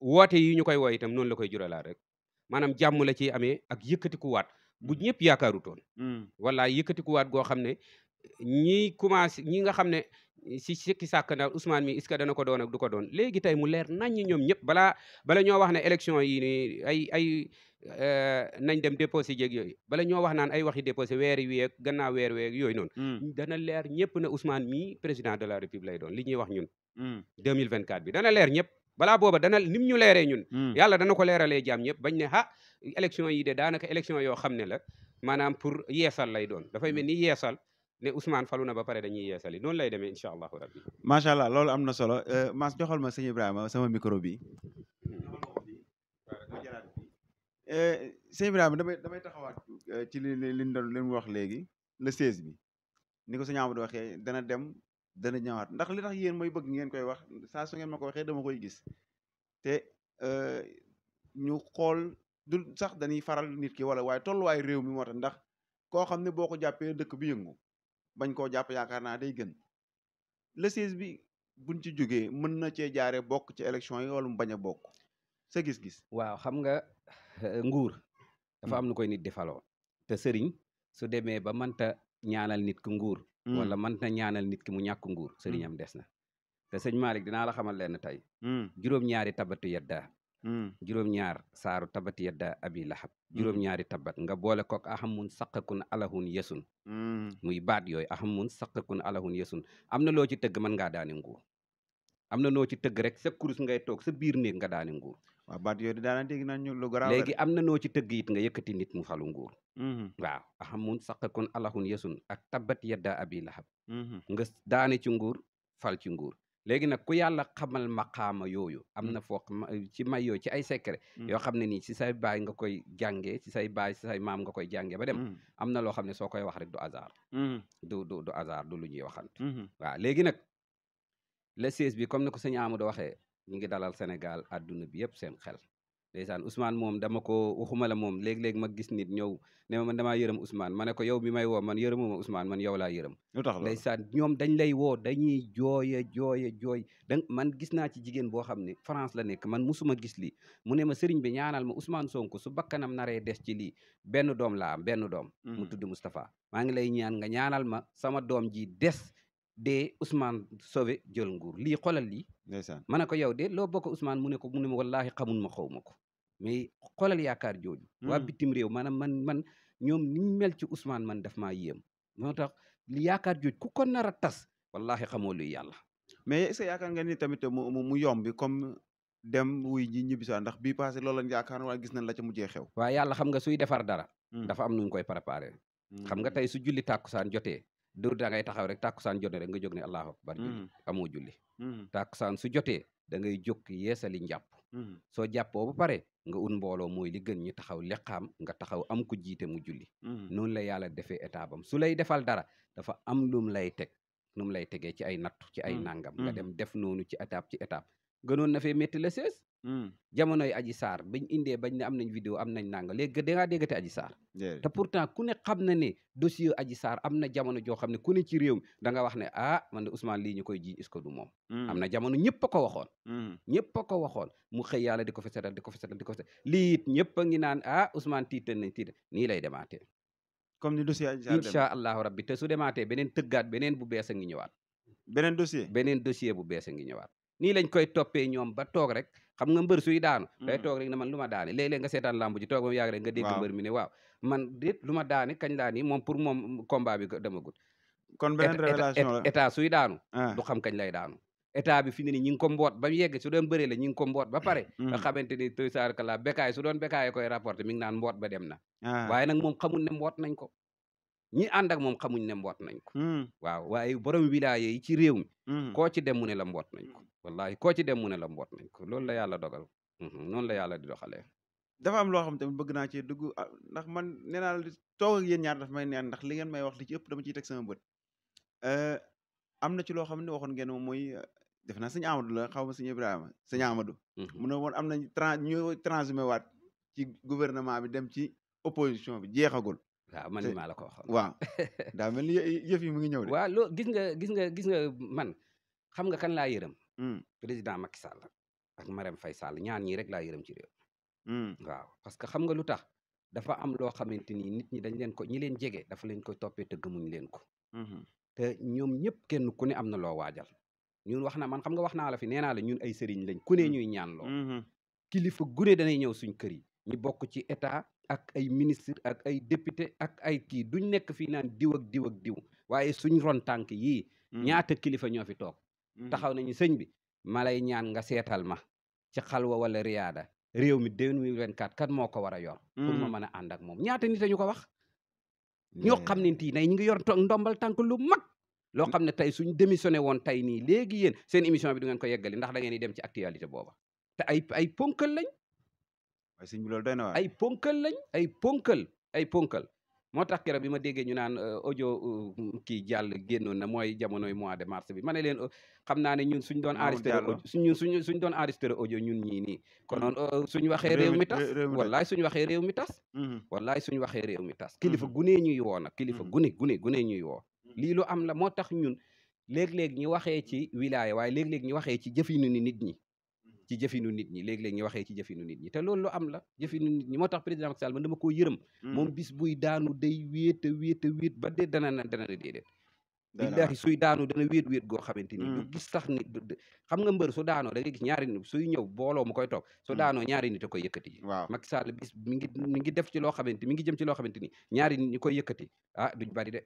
woote yi ñu koy woo itam noonu la koy juralaat rek maanaam jàmm la ciy amee ak yëkkati bu ñëpp yaakaarutoon. Hmm. wala yëkkatikuwaat goo xam ne ñiy commencé ñi nga xam ne si sikki sàkk na Ousmane mi est-ce que dana ko doon ak du ko doon léegi tey mu leer nañ ñi ñoom ñëpp balaa bala ñoo wax ne élection yi ni ay ay. Eh, nañ dem déposé jéeg yooyu bala ñoo wax naan ay waxi déposé weer yi weeg gannaaw weer weeg yooy noonu hmm. dana leer ñëpp na Ousmane mii président de la République lay doon li ñuy wax ñun 2024 hmm. bi dana leer ñëpp balaa booba dana nim ñu leeree ñun yàlla dana ko leeralee jaam ñëpp bañ élection yi de daanaka élection yoo xam ne la maanaam pour yeesal lay doon dafa mel ni yeesal ne Ousmane falu na ba pare dañuy yeesali noonu lay demee incha allahu rabbi macha allah loolu am na solo euh, mas joxal ma sëñ Ibrahima sama micro bi euh, sëñ Ibrahima damay damay taxawaat euh, ci li liñ doon wax léegi le 16 bi ni ko sëñ Amadou waxee dana dem dana ñëwaat ndax li tax yéen mooy bëgg ngeen koy wax saa su ngeen ma ko waxee dama koy gis te ñu xool du sax dañuy faral nit ki wala waaye tolluwaay réew mi moo ndax koo xam ne boo ko jàppee dëkk bi yëngu bañ koo jàpp yaakaar naa day gën le siège bi buñ ci jógee mën na cee jaaree bokk ci élection yi wala mu bañ a bokk sa gis-gis. waaw xam nga euh, nguur. dafa am hmm. nu koy nit di faloo te sëriñ su demee ba mënta ñaanal nit ki nguur. Hmm. wala mënta ñaanal nit ki mu ñàkk nguur sëriñam hmm. des na. te sëñ Malick dinaa la xamal leen tey. juróom-ñaari tabatu yedda Mm. juróom-ñaar saaru tabat yadda abi lahab mm. juróom-ñaari tabat nga boole kook ahamun saqakun alahun yesun mm. muy baat yooyu ahamun saqakun alahun yesun am na loo ci tëgg mën ngaa daane nguur am na noo ci tëgg rek sa kurus ngay toog sa biir néeg nga daane nguur waaw baat yooyu di dégg nañ ñu lu am na noo ci tëgg it nga yëkkati nit mu falu nguur mm-hmm. waaw ahamun saqakun alahun yesun ak tabat yadda abi lahab mm-hmm. nga daane ci nguur fal ci nguur léegi nag ku yàlla xamal maqaama yooyu am mmh. na foo ci may ci ay secret mmh. yoo xam ne nii si say baay nga koy jàngee si say baay say maam nga koy jàngee ba dem mmh. am na loo xam ne soo koy wax rek du hasard do du du hasard du lu ñuy waxant waaw léegi nag le 16 bi comme ni ko sëñ Amadou waxee ñu ngi dalal Sénégal adduna bi yëpp seen xel ndeysaan Ousmane moom dama ko waxuma la moom léeg-léeg ma gis nit ñëw ne ma man damaa yërëm Ousmane ma ne ko yow bi may woo man yërëmuma Ousmane man yow laa yërëm ndeysaan ñoom dañ lay woo dañuy jooye jooye jooy da man gis naa ci jigéen boo xam ne France la nekk man musuma gis lii mu ne ma sëriñ bi ñaanal ma Ousmane Sonko su bakkanam naree des ci lii benn doom laa am benn doom hmm. mu tudd Moustapha maa ngi lay ñaan nga ñaanal ma sama doom ji des de Ousmane Sove jol nguur lii xolal lii ndeysaan ma ne ko yow de loo bokk Ousmane mu ne ko mu ne ma wallaahi xamun ma xaw ma ko mais xoolal yaakaar jooju. waa mmh. bitim réew maanaam man man ñoom niñ mel ci Ousmane man daf maa yéem. moo tax li yaakaar jooju ku ko nar a tas wallaahi xamoo luy yàlla. mais est-ce que yaakaar nga ni tamit mu mu yombi comme dem wuy ji ñibbisaa ndax bii passé loolu lañ yaakaar waa gis nañ la ca mujjee xew. waa yàlla xam nga suy defar dara. Mmh. dafa am nu ñu koy préparé. xam nga mmh. tey su julli tàkkusaan jotee. dur da ngay taxaw rek tàkkusaan jotee rek nga jóg ne allahu akbar amoo julli. Mmh. tàkkusaan su jotee dangay ngay jóg yeesali njàpp mmh. soo jàppoo ba pare nga ut mbooloo mooy li gën ñu taxaw leqaam nga taxaw am ku jiite mu julli mmh. noonu la yàlla defee état bam su lay defal dara dafa am lum lay teg num lay tegee ci ay natt ci ay nangam nga dem def noonu ci étape ci étape gënoon na fee métti le seize hmm. jamonoy aji saar bañ indee bañ ne am nañ vidéo am nañ nanga léegi da ngaa déggate aji saar te pourtant ku ne xam na ne dossier aji saar am na jamono joo xam ne ku ne ci réew mi da nga wax ne ah man de Ousmane lii ñu koy jiiñ est-ce que du moom hmm. am na jamono ñëpp ko waxoon hmm. ñëpp a ko waxoon mu xëy yàlla di ko fesetal di ko fesetal di ko fesetal lii ñëpp a ngi naan ah Ousmane tiitan nañ tiitan nii lay demaate comme ni dossier aji saar incha allahu rabbi te su demaatee beneen tëggaat beneen bu bees a ngi ñëwaat beneen dossier beneen dossier bu bees ngi ñëwaat nii lañ koy toppee ñoom ba toog rek xam nga mbër suy daanu day mm. toog rek ne man lu ma daane léeg-léeg nga seetaan lamb ji toog ba mu yàgg nga dégg mbër mi ne man déet lu ma daane kañ laa nii moom pour moom combat bi demagul kon beneen révélation la état suy daanu ah. du xam lay daanu état bi fi ne ni ñi ngi ko ba mu su doon bëree la ñi ngi ko mboot ba pare mm. nga xamante ni toy saarka la bekkaay su doon bekkaay koy rapporté mi naan mboot ba dem na ah. waaye nag moom ko ñi ànd ak moom xamuñ ne mboot nañ ko hmm. waaw waaye borom wilaya yi ci réew mi hmm. koo ci dem mu ne la mboot nañ ko hmm. wallahi koo ci dem ne la mboot nañ ko loolu la yàlla dogal noonu la yàlla di doxalee dafa am loo xam tamit bëgg naa cee dugg ah, ndax man nee naa la toog ak yéen ñaar daf may neen ndax li ngeen may wax li ci ëpp dama ciy teg sama bët eh, am na ci loo xam ne waxoon ngeen moom mooy eh, def naa sëñ Amadou la xaw ma sëñ Ibrahima sëñ Amadou mu ne woon am nañ trans ñu transhumé waat ci gouvernement bi dem ci opposition bi jeexagul waaw man maa la ko waaw daa mel ni yëf mu ngi ñëw de. loo gis nga gis nga gis nga man xam nga kan laa yërëm. Mm. président Macky Sall ak Marème Faye Sall ñaan ñii rek laa yërëm ci réew. Mm. waaw parce que xam nga lu tax dafa am loo xamante ni nit ñi dañ leen ko ñi leen jege dafa leen ko toppee te gëmuñ leen ko. Mm-hmm. ñoom ñëpp kenn ku ne am na loo waajal. ñun wax na man xam nga wax naa la fi nee naa la ñun ay sëriñ lañ ku ne mm. ñuy ñaan loo. Mm-hmm. kilifa gune danay ñëw suñ kër yi. ñu bokk ci état. ak ay ministre ak ay député ak ay kii duñ nekk fii naan diw ak diw ak diw waaye suñ ron tànk yi hmm. ñaata kilifa ñoo fi toog hmm. taxaw nañu sëñ bi ma lay ñaan nga seetal ma ci xalwa wala riyaada réew mi 2024 kan moo ko war a yor ma hmm. mën a ànd ak moom ñaata nit ñu ko wax ñoo xam ne tii nay ñu ngi yor ndombal tànk lu mag loo xam ne tey suñ démissionné woon tey nii léegi yéen seen émission bi du ngeen ko yeggali ndax da ngeen di dem ci actualité booba te ay sëñ bi loolu doy na waar ay ponkal lañ ay ponkal ay ponkal moo tax keroog bi ma déggee ñu naan euh, audio euh, kii jàll génnoon na mooy jamonoy mois de mars bi ma ne leen euh, xam naa ne ñun suñ doon enregistré ñun suñ suñ doon enregistré audio ñun ñii nii konoon suñ waxee réew mi tas mm-hmm. wallaay suñ waxee réew mi tas wallaay suñ waxee réew mi tas kilifa gunee ñuy woo nag kilifa mm-hmm. gune gune gunee ñuy woo mm-hmm. lii lu am la moo tax ñun léeg-léeg ñu waxee ci wilaaya waaye léeg-léeg ñu waxe ci jëfinu ni nit ñi ci jëfinu nit ñi léeg-léeg ñu waxee ci jëfinu nit ñi te lool lu am la jëfinu nit ñi moo tax président Macky Sall man ko koo yërëm hmm. moom bis buy daanu day wéet a wéet a wéet ba dee dana na dana déedéet billaahi suy daanu dana wéet wéet goo xamante ni hmm. sax nit xam nga mbër su daanoo da ngay ñaari nit suy ñëw booloo mu koy toog su hmm. daanoo ñaari nit koy yëkkati yi waaw Macky Sall bis mi ngi mi ngi def ci loo xamante mi ngi jëm ci loo xamante ni ñaari nit ñi koy yëkkati ah duñ bari de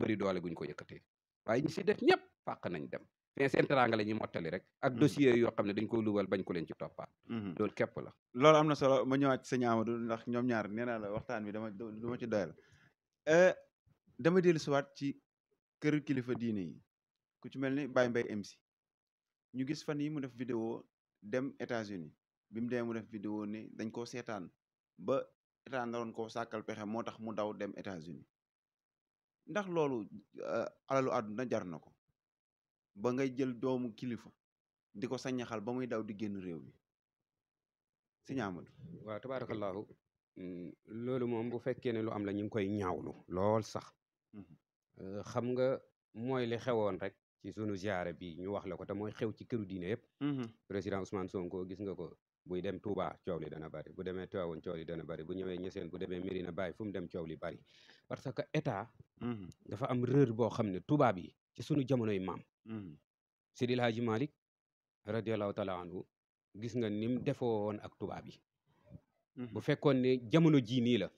bëri doole guñ ko yëkkatee waaye ñi si def ñëpp fàq nañ dem mais seen teraanga la ñuy mottali rek ak mmh. dossier yoo xam ne dañ koy luwal bañ ko leen ci toppaat mmh. loolu képp la loolu am na solo ma ñëwaat sëñ Amadou ndax ñoom ñaar nee naa la waxtaan bi dama dama ci doyal euh, dama dellu siwaat ci kër kilifa diine yi ku ci mel ni Baye Mbaye MC ñu gis fan yi mu def vidéo dem États-Unis bi mu demee mu def vidéo ni dañ koo seetaan ba état naroon koo sàkkal pexe moo tax mu daw dem États-Unis ndax loolu euh, alalu àdduna jar na ko ba ngay jël doomu kilifa di ko sañaxal ba muy daw di génn réew mi sëñ hmm. Amadou waaw tabaarakallaahu hmm, loolu moom bu fekkee ne lu am la ñu ngi koy ñaawlu lool sax hmm. xam nga mooy li xewoon rek ci sunu ziyaare bi ñu wax la ko te mooy xew ci këru diine yëpp président Ousmane Sonko gis nga ko buy dem Touba coow li dana bari bu demee Tivaouane coow li dana bari bu ñëwee ñeseen bu demee Medina Baye fu mu dem coow li bari parce que état dafa am rër boo xam ne tubaab yi ci sunu jamonoy maam mmh. Seydi El Hadji Malick radiallahu taala anhu gis nga nim defoo woon ak tubaab yi mmh bu fekkoon ne jamono jii nii la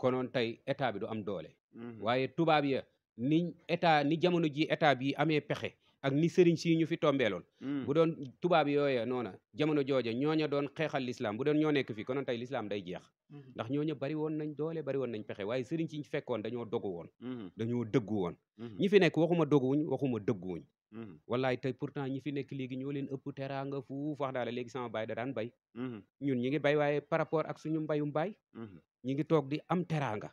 konoon tey état bi du am doole mmh waaye tubaab ya ni état ni jamono ji état bi amee pexe ak ni sëriñ sii ñu fi tombeeloon mm. bu doon tubaab yooya noona jamono jooja ñooña doon xeexal lislaam bu doon ñoo nekk fii konoon tey lislaam day jeex mm-hmm. ndax ñooña bari woon nañ doole bari woon nañ pexe waaye sëriñ si ñu fekkoon dañoo dogu woon mm-hmm. dañoo dëggu mm-hmm. ñi fi nekk waxuma doguwuñ waxuma dëgguwuñ wallaay tey pourtant ñi fi nekk léegi ñoo leen ëpp teraanga fuuf wax daala léegi sama baay da daan bay ñun ñi ngi bay waaye par rapport ak suñu mbayum baay ñi ngi toog di am teraanga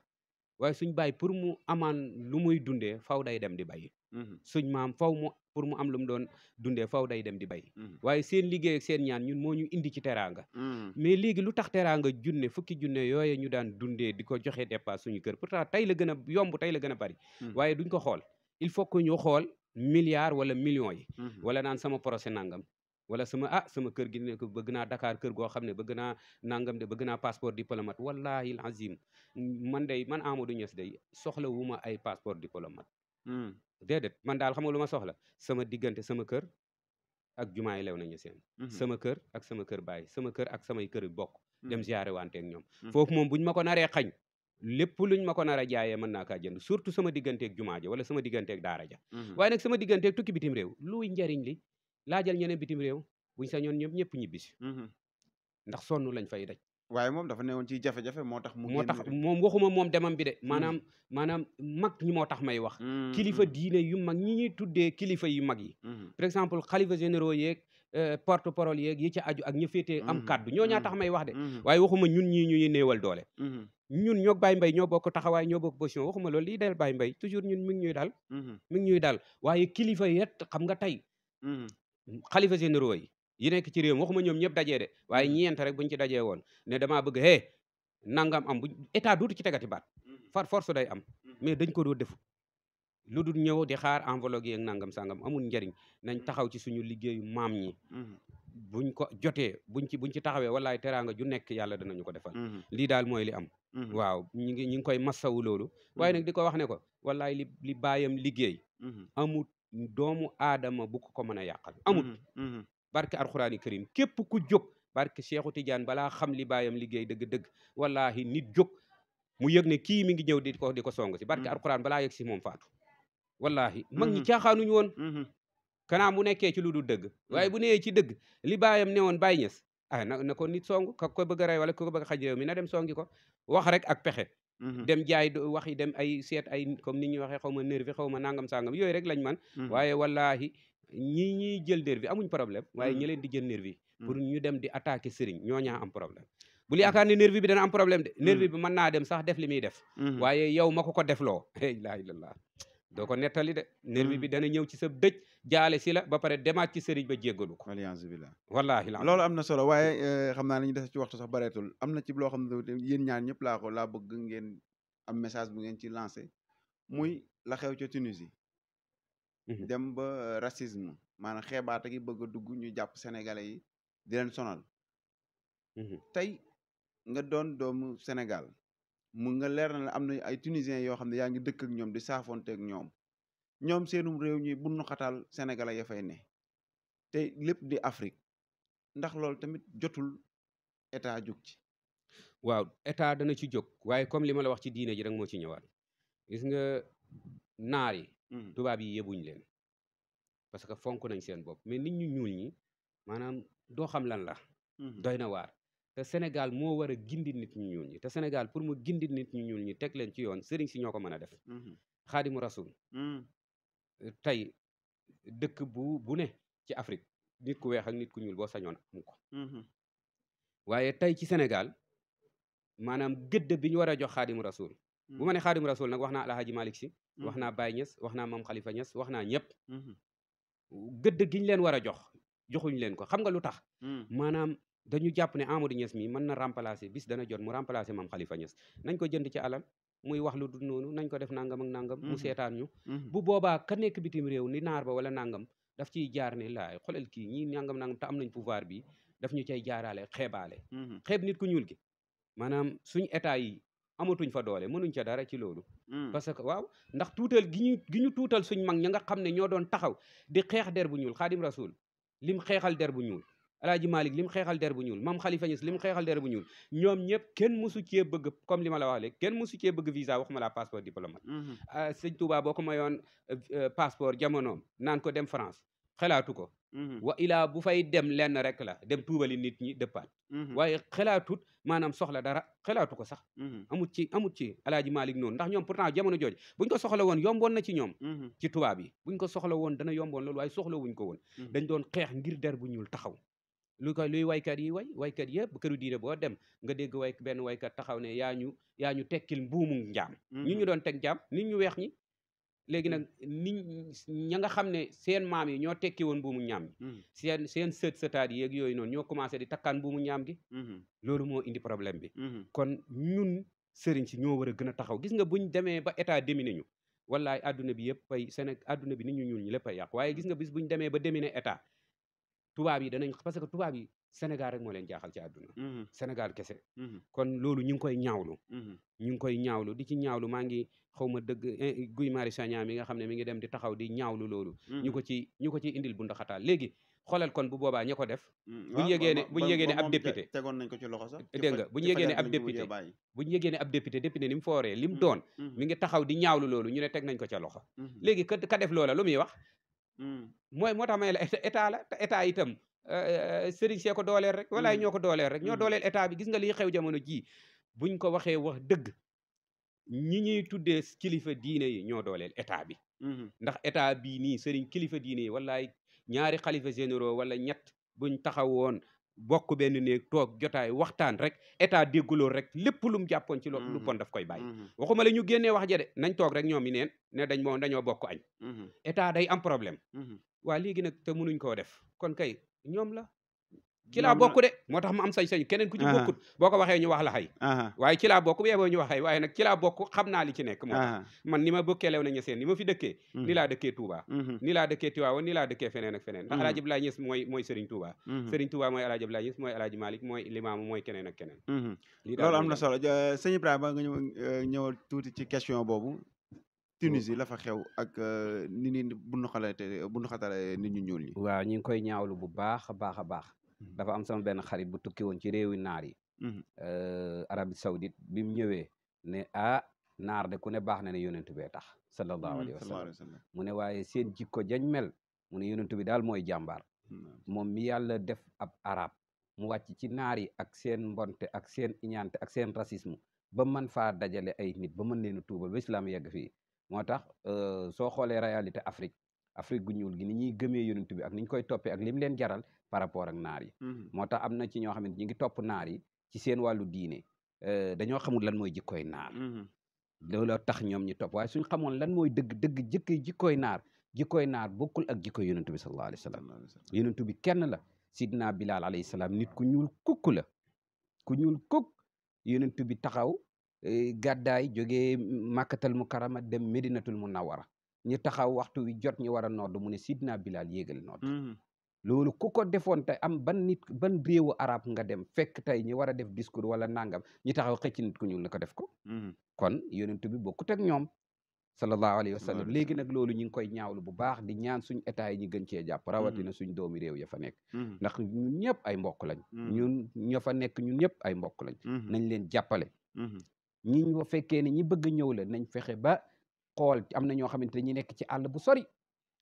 waaye suñ bàyyi pour mu amaan lu muy dundee faw day dem di bay mmh suñ maam faw mu pour mu am lu mu doon dundee faw day dem di bay mmh waaye seen liggéey seen ñaan ñun moo ñu indi ci teraanga mmh mais léegi lu tax teraanga junne fukki junne yooye ñu daan dundee di ko joxe dépasse suñu kër pourtant tey la gën a yomb tey la gën a bari waaye duñ ko xool il faut que ñu xool milliard wala millions yi wala naan sama procès nangam wala sama ah sama kër gi nekk bëgg naa Dakar kër goo xam ne bëgg naa nangam ne bëgg naa passeport diplomate wallahi alazim man day man Amadou Niass day soxla wu ma ay passeport diplomate hmm. déedéet man daal xam nga lu ma soxla sama diggante sama kër ak jumaay lew nañu seen hmm. sama kër ak sama kër bàyyi sama kër ak samay kër bokk hmm. dem ziare wante ñoom foofu moom buñ ma ko naree xañ lépp luñ ma ko nar a jaayee mën naa kaa jënd surtout sama digganteeg jumaa wala sama digganteeg daara ja waaye sama digganteeg njariñ laajal ñeneen bitim réew buñ sa ñoon ñoom ñëpp ñibbisi mmh ndax sonn lañ fay daj waaye moom dafa newoon ci jafe-jafe moo tax mu moo tax moom waxuma moom demam bi de mmh maanaam maanaam mag ñi moo tax may wax mmh kilifa diine yu mag ñi ñuy tuddee kilifa yu mag yi par exemple xalifa généraux yeeg euh, porte parole yeeg yi ci aju ak ñu féetee am kàddu ñoo ñaa tax may wax de waaye waxuma ñun ñii ñuy neewal doole ñun ñoo Baye Mbaye ñoo bokk taxawaay ñoo bokk position waxuma loolu lii del bay Mbaye toujours ñun mi ngi ñuy daal mi ngi ñuy daal waaye kilifa yet xam nga tey xalifa généraux yi yi nekk ci réew waxuma ñoom ñëpp dajee de waaye hmm. ñeent rek buñ ci dajee woon ne damaa bëgg hee nangam am bu état dootu ci tegati baat hmm. far force day am hmm. mais dañ ko doo defu lu dul ñëw di xaar enveloppe nangam sangam amul njariñ nañ taxaw ci suñu liggéeyu maam ñi buñ ko jotee buñ ci buñ ci taxawee wallaay teraanga ju nekk yàlla danañu ko defal lii daal mooy li am waaw ñu ngi ñu ngi koy massawu loolu waaye nag di ko wax ne ko wallaay li baayam liggéey doomu aadama bu ko ko mën a yàqal mmh, amut mmh. barke alxuraani karim képp ku jóg barke Cheikhu Tidiane balaa xam li baayam liggéey dëgg-dëgg wallahi nit jóg mu yëg ne kii mi ngi ñëw di ko di ko song si barke mmh. alxuraan balaa yëg si moom faatu wallahi mag ñi caaxaanuñu woon kanaa bu nekkee ci lu dul dëgg waaye bu newee ci dëgg li baayam ne woon bàyyi ñes ah na na ko nit song ka ko bëgg a wala ko bëgg a xaj mi na dem songi ko wax rek ak pexe Mmh dem jaay waxi dem ay seet ay comme ni ñuy waxee xaw ma nervi xaw ma nangam sangam yooyu rek lañ man mmh waaye wallahi ñi ñiy jël nervi amuñ problème waaye mmh ñi leen di jël nervi pour ñu dem di attaquer sëriñ ñoo ñaa am problème bul yaakaar ne nervi bi dana am problème de nervi bi mën naa dem sax def li muy def waaye yow ma ko ko defloo la ilaha illallah doo ko nettali de nervi bi dana ñëw ci sa dëj jaale si la ba pare demaat ci sëriñ ba jéggalu ko alliance billah wallaahi la loolu am na solo waaye eh, xam naa la ñu des ci waxtu sax bareetul am na ci loo xam ne yéen ñaar ñëpp laa ko laa bëgg ngeen am message bu ngeen ci lancé muy la xew ca Tunisie mhm. dem ba eh, racisme maanaam xeebaata ngi bëgg a dugg ñu jàpp sénégalais yi di leen sonal mhm. tey nga doon doomu Sénégal mu nga leer na la am na ay tunisiens yoo xam ne yaa ngi dëkk ak ñoom di saafonte ak ñoom ñoom seenum réew ñi bu nu xataal sénégalais ya fay ne te lépp di Afrique ndax loolu tamit jotul état jóg ci. waaw état dana ci jóg waaye comme li ma la wax ci diine ji rek moo ci ñëwaat gis nga naar yi. tubaab yi yëbuñ leen parce que fonk nañ seen bopp mais nit ñu ñuul ñi maanaam doo xam lan la. doy na waar te Sénégal moo war a gindi nit ñu ñuul ñi te Sénégal pour mu gindi nit ñu ñuul ñi teg leen ci yoon sëriñ si ñoo ko mën a def. xaadimu rasul tey dëkk bu bu ne ci Afrique nit ku weex ak nit ku ñuul boo sañoon am ko. Mm-hmm. tey ci Sénégal maanaam gëdd bi ñu war a jox xaadimu rasul. bu ma mm-hmm. ne xaadimu rasul nag wax naa Alhaji malik si. Mm-hmm. wax naa Baye Niass wax naa Mame Khalifa Niass wax naa ñëpp. gëdd gi leen war a jox joxuñ leen ko xam nga lu tax. Mm. maanaam dañu jàpp ne Amadou Niass mi mën na remplacer bis dana jot mu remplacer Mame Khalifa Niass nañ ko jënd ci alal. muy wax lu dul noonu nañ ko def nangam ak nangam. mu mm-hmm. seetaan ñu. Mm-hmm. bu boobaa ka nekk bitim réew ni naar ba wala nangam daf ciy jaar ne laay xoolal kii ñii nangam nangam te am nañ pouvoir bi daf ñu cay jaaraale xeebaale. Mm-hmm. xeeb nit ku ñuul gi maanaam suñ état yi amatuñ fa doole mënuñ ca dara ci loolu. Mm. parce que waaw ndax tuutal gi ñu gi ñu tuutal suñ mag ña nga xam ne ñoo doon taxaw di xeex der bu ñuul xaadim rasul lim xeexal der bu ñuul. alaaji Malick li mu xeexal der bu ñuul mam Khalifa Niass li mu xeexal der bu ñuul ñoom ñëpp kenn mosu cee bëgg comme li ma la wax léegi kenn mosu cee bëgg visa waxuma la passeport diplomate mhm. ah, sëñ Touba boo ko mayoon euh, euh, passeport jamonoom naan ko dem France xalaatu ko mhm. wa ila bu fay dem lenn rek la dem tuubali nit ñi dëppaat mhm. waaye xelaatut maanaam soxla dara xelaatu ko sax amut ci amut ci alaaji Malick noonu ndax ñoom pourtant jamono jooju buñ ko soxla woon yomboon na ci ñoom ci yi buñ ko soxla woon dana yomboon loolu waaye soxla ko woon dañ doon xeex ngir der bu ñuul taxaw lu ko luy waykat yi way waykat yëpp këru diine boo dem nga dégg way benn waykat taxaw ne yaa ñu yaa ñu tekkil mbuumu njaam ñu ñu mmh. doon teg njaam nit ñu weex ñi léegi nag mmh. nit ña nga xam ne seen maam yi ñoo tekki woon mbuumu ñaam gi mmh. seen seen sët sëtaat yi yeeg yooyu noonu ñoo commencé di takkaan mbuumu ñaam gi loolu moo indi problème bi kon ñun seriñ ci ñoo war a gën a taxaw gis nga buñ demee ba état déminé ñu wallaay adduna bi yëpp ay Sénégal adduna bi nit ñu ñuul ñu lépp waaye gis nga bis buñ demee ba déminé état tubaab yi danañ parce que tubaab yi Sénégal rek moo leen jaaxal ci àdduna mmh Sénégal kese mmh kon loolu ñu ngi koy ñaawlu mmh ñu ngi koy ñaawlu di ci ñaawlu maa ngi xaw ma dëgg eh, Guy Marius Sagna mi nga xam ne mi ngi dem di taxaw di ñaawlu loolu ñu ko ci ñu ko ci indil bu ndoxataal léegi xoolal kon bu boobaa ña ko def buñu yégee ne buñu yégee ab député tegoon nañ ko ci loxo sax dégg nga buñu yégee ne ab député buñu yégee ne ab député député doon mi ngi taxaw di ñaawlu loolu ñu ne teg nañ ko ca loxo léegi ka def loola lu muy wax Mm. mooy moo tax may la état la te état itam euh, euh, sëriñ see ko dooleel rek walaay mm. ñoo ko dooleel rek ñoo mm. dooleel état bi gis nga liy xew jamono jii buñ ko waxee wax dëgg ñi ñuy tuddee kilifa diine yi ñoo dooleel état bi mm-hmm. ndax état bii nii sëriñ kilifa diine yi walaay ñaari xalifa généraux wala ñett buñ taxawoon bokk benn néeg toog jotaay waxtaan rek état dégguloo rek lépp lu mu jàppoon ci loolu lu mm-hmm. bon daf koy bàyyi mm-hmm. waxuma la ñu génnee wax ja de nañ toog rek ñoom yi neen ne dañ moom dañoo bokk añ mm-hmm. état day am problème waa léegi nag te mënuñ koo def kon kay ñoom la ci laa bokk de moo tax ma am sañ-sañ keneen ku ci bokkut boo ko waxee ñu wax la xay waaye ci bokk bu yeboo ñu wax xay waaye nag ci laa bokk xam naa li ci nekk moo man ni ma bokkee lew na ñeseen ni ma fi dëkkee ni mhm. laa dëkkee Touba mhm. ni laa dëkkee Tiwaawa ni laa dëkkee feneen ak feneen ndax mhm. Alaaji Abdoulaye Niass mooy mooy Serigne Touba Serigne Touba mooy Alaaji Abdoulaye mooy Alaaji Malick mooy limaamu mooy keneen ak keneen loolu am na solo sëñ Ibrahima nga ñëw euh, ñëwal tuuti ci question boobu Tunisie la fa xew ak euh, ni ni bundu bu nu xatale nit ñu ñuul ñi waaw ñu ngi koy ñaawlu bu baax a baax a baax Mmh. dafa am sama benn xarit bu tukki woon ci réewi naar yi mmh. Arabie Saoudite bi mu ñëwee ne ah naar de ku ne baax na ne yonentu bee tax sallallahu mmh, alayhi wa mu ne waaye seen jikko jañ mel mu ne yonentu bi daal mooy jàmbaar moom mi yàlla def ab arab mu wàcc ci naar yi ak seen mbonte ak seen iñaante ak seen racisme ba mën faa dajale ay nit ba mën leen a tuubal ba islam yegg fii moo tax soo xoolee réalité Afrique Afrique gu ñuul gi ni ñuy gëmee yonent bi ak ni ñu koy toppee ak lim leen jaral par rapport ak naar yi. moo tax am na ci ñoo xamante ñi ngi topp naar yi ci seen wàllu diine euh, dañoo xamul lan mooy jikkooy naar. looloo tax ñoom ñu topp waaye suñ xamoon lan mooy dëgg dëgg jëkk jikkooy naar jikkooy naar bokkul ak jikkooy yonent bi sallallahu alayhi wa sallam yonent bi kenn la sidna Bilal alayhi salaam nit ku ñuul kukk la ku ñuul kukk yonent bi taxaw euh, gàddaay jógee màkkatal mukarama dem medinatul munawara ñu taxaw waxtu wi jot ñu war a nodd mu ne sidna Bilal yéegal nodd mm-hmm. loolu ku ko defoon tey am ban nit ban réewu arab nga dem fekk tey ñu war a def discours wala nangam ñu taxaw xëcc nit ku ñuul ne ko def ko mm-hmm. kon yonent bi bokkut ak ñoom sallallahu alayhi wa sallam léegi nag loolu ñu ngi koy ñaawlu bu baax di ñaan suñ état yi gan gën cee jàpp rawatina mm-hmm. suñ doomi réew ya fa nekk ndax ñun ñëpp ay mbokk lañ ñun ña fa nekk ñun ñëpp ay mbokk lañ nañ leen jàppale ñi ñu fekkee ne ñi bëgg ñëw nañ fexe ba xool am na ñoo xamante ne ñi nekk ci àll bu sori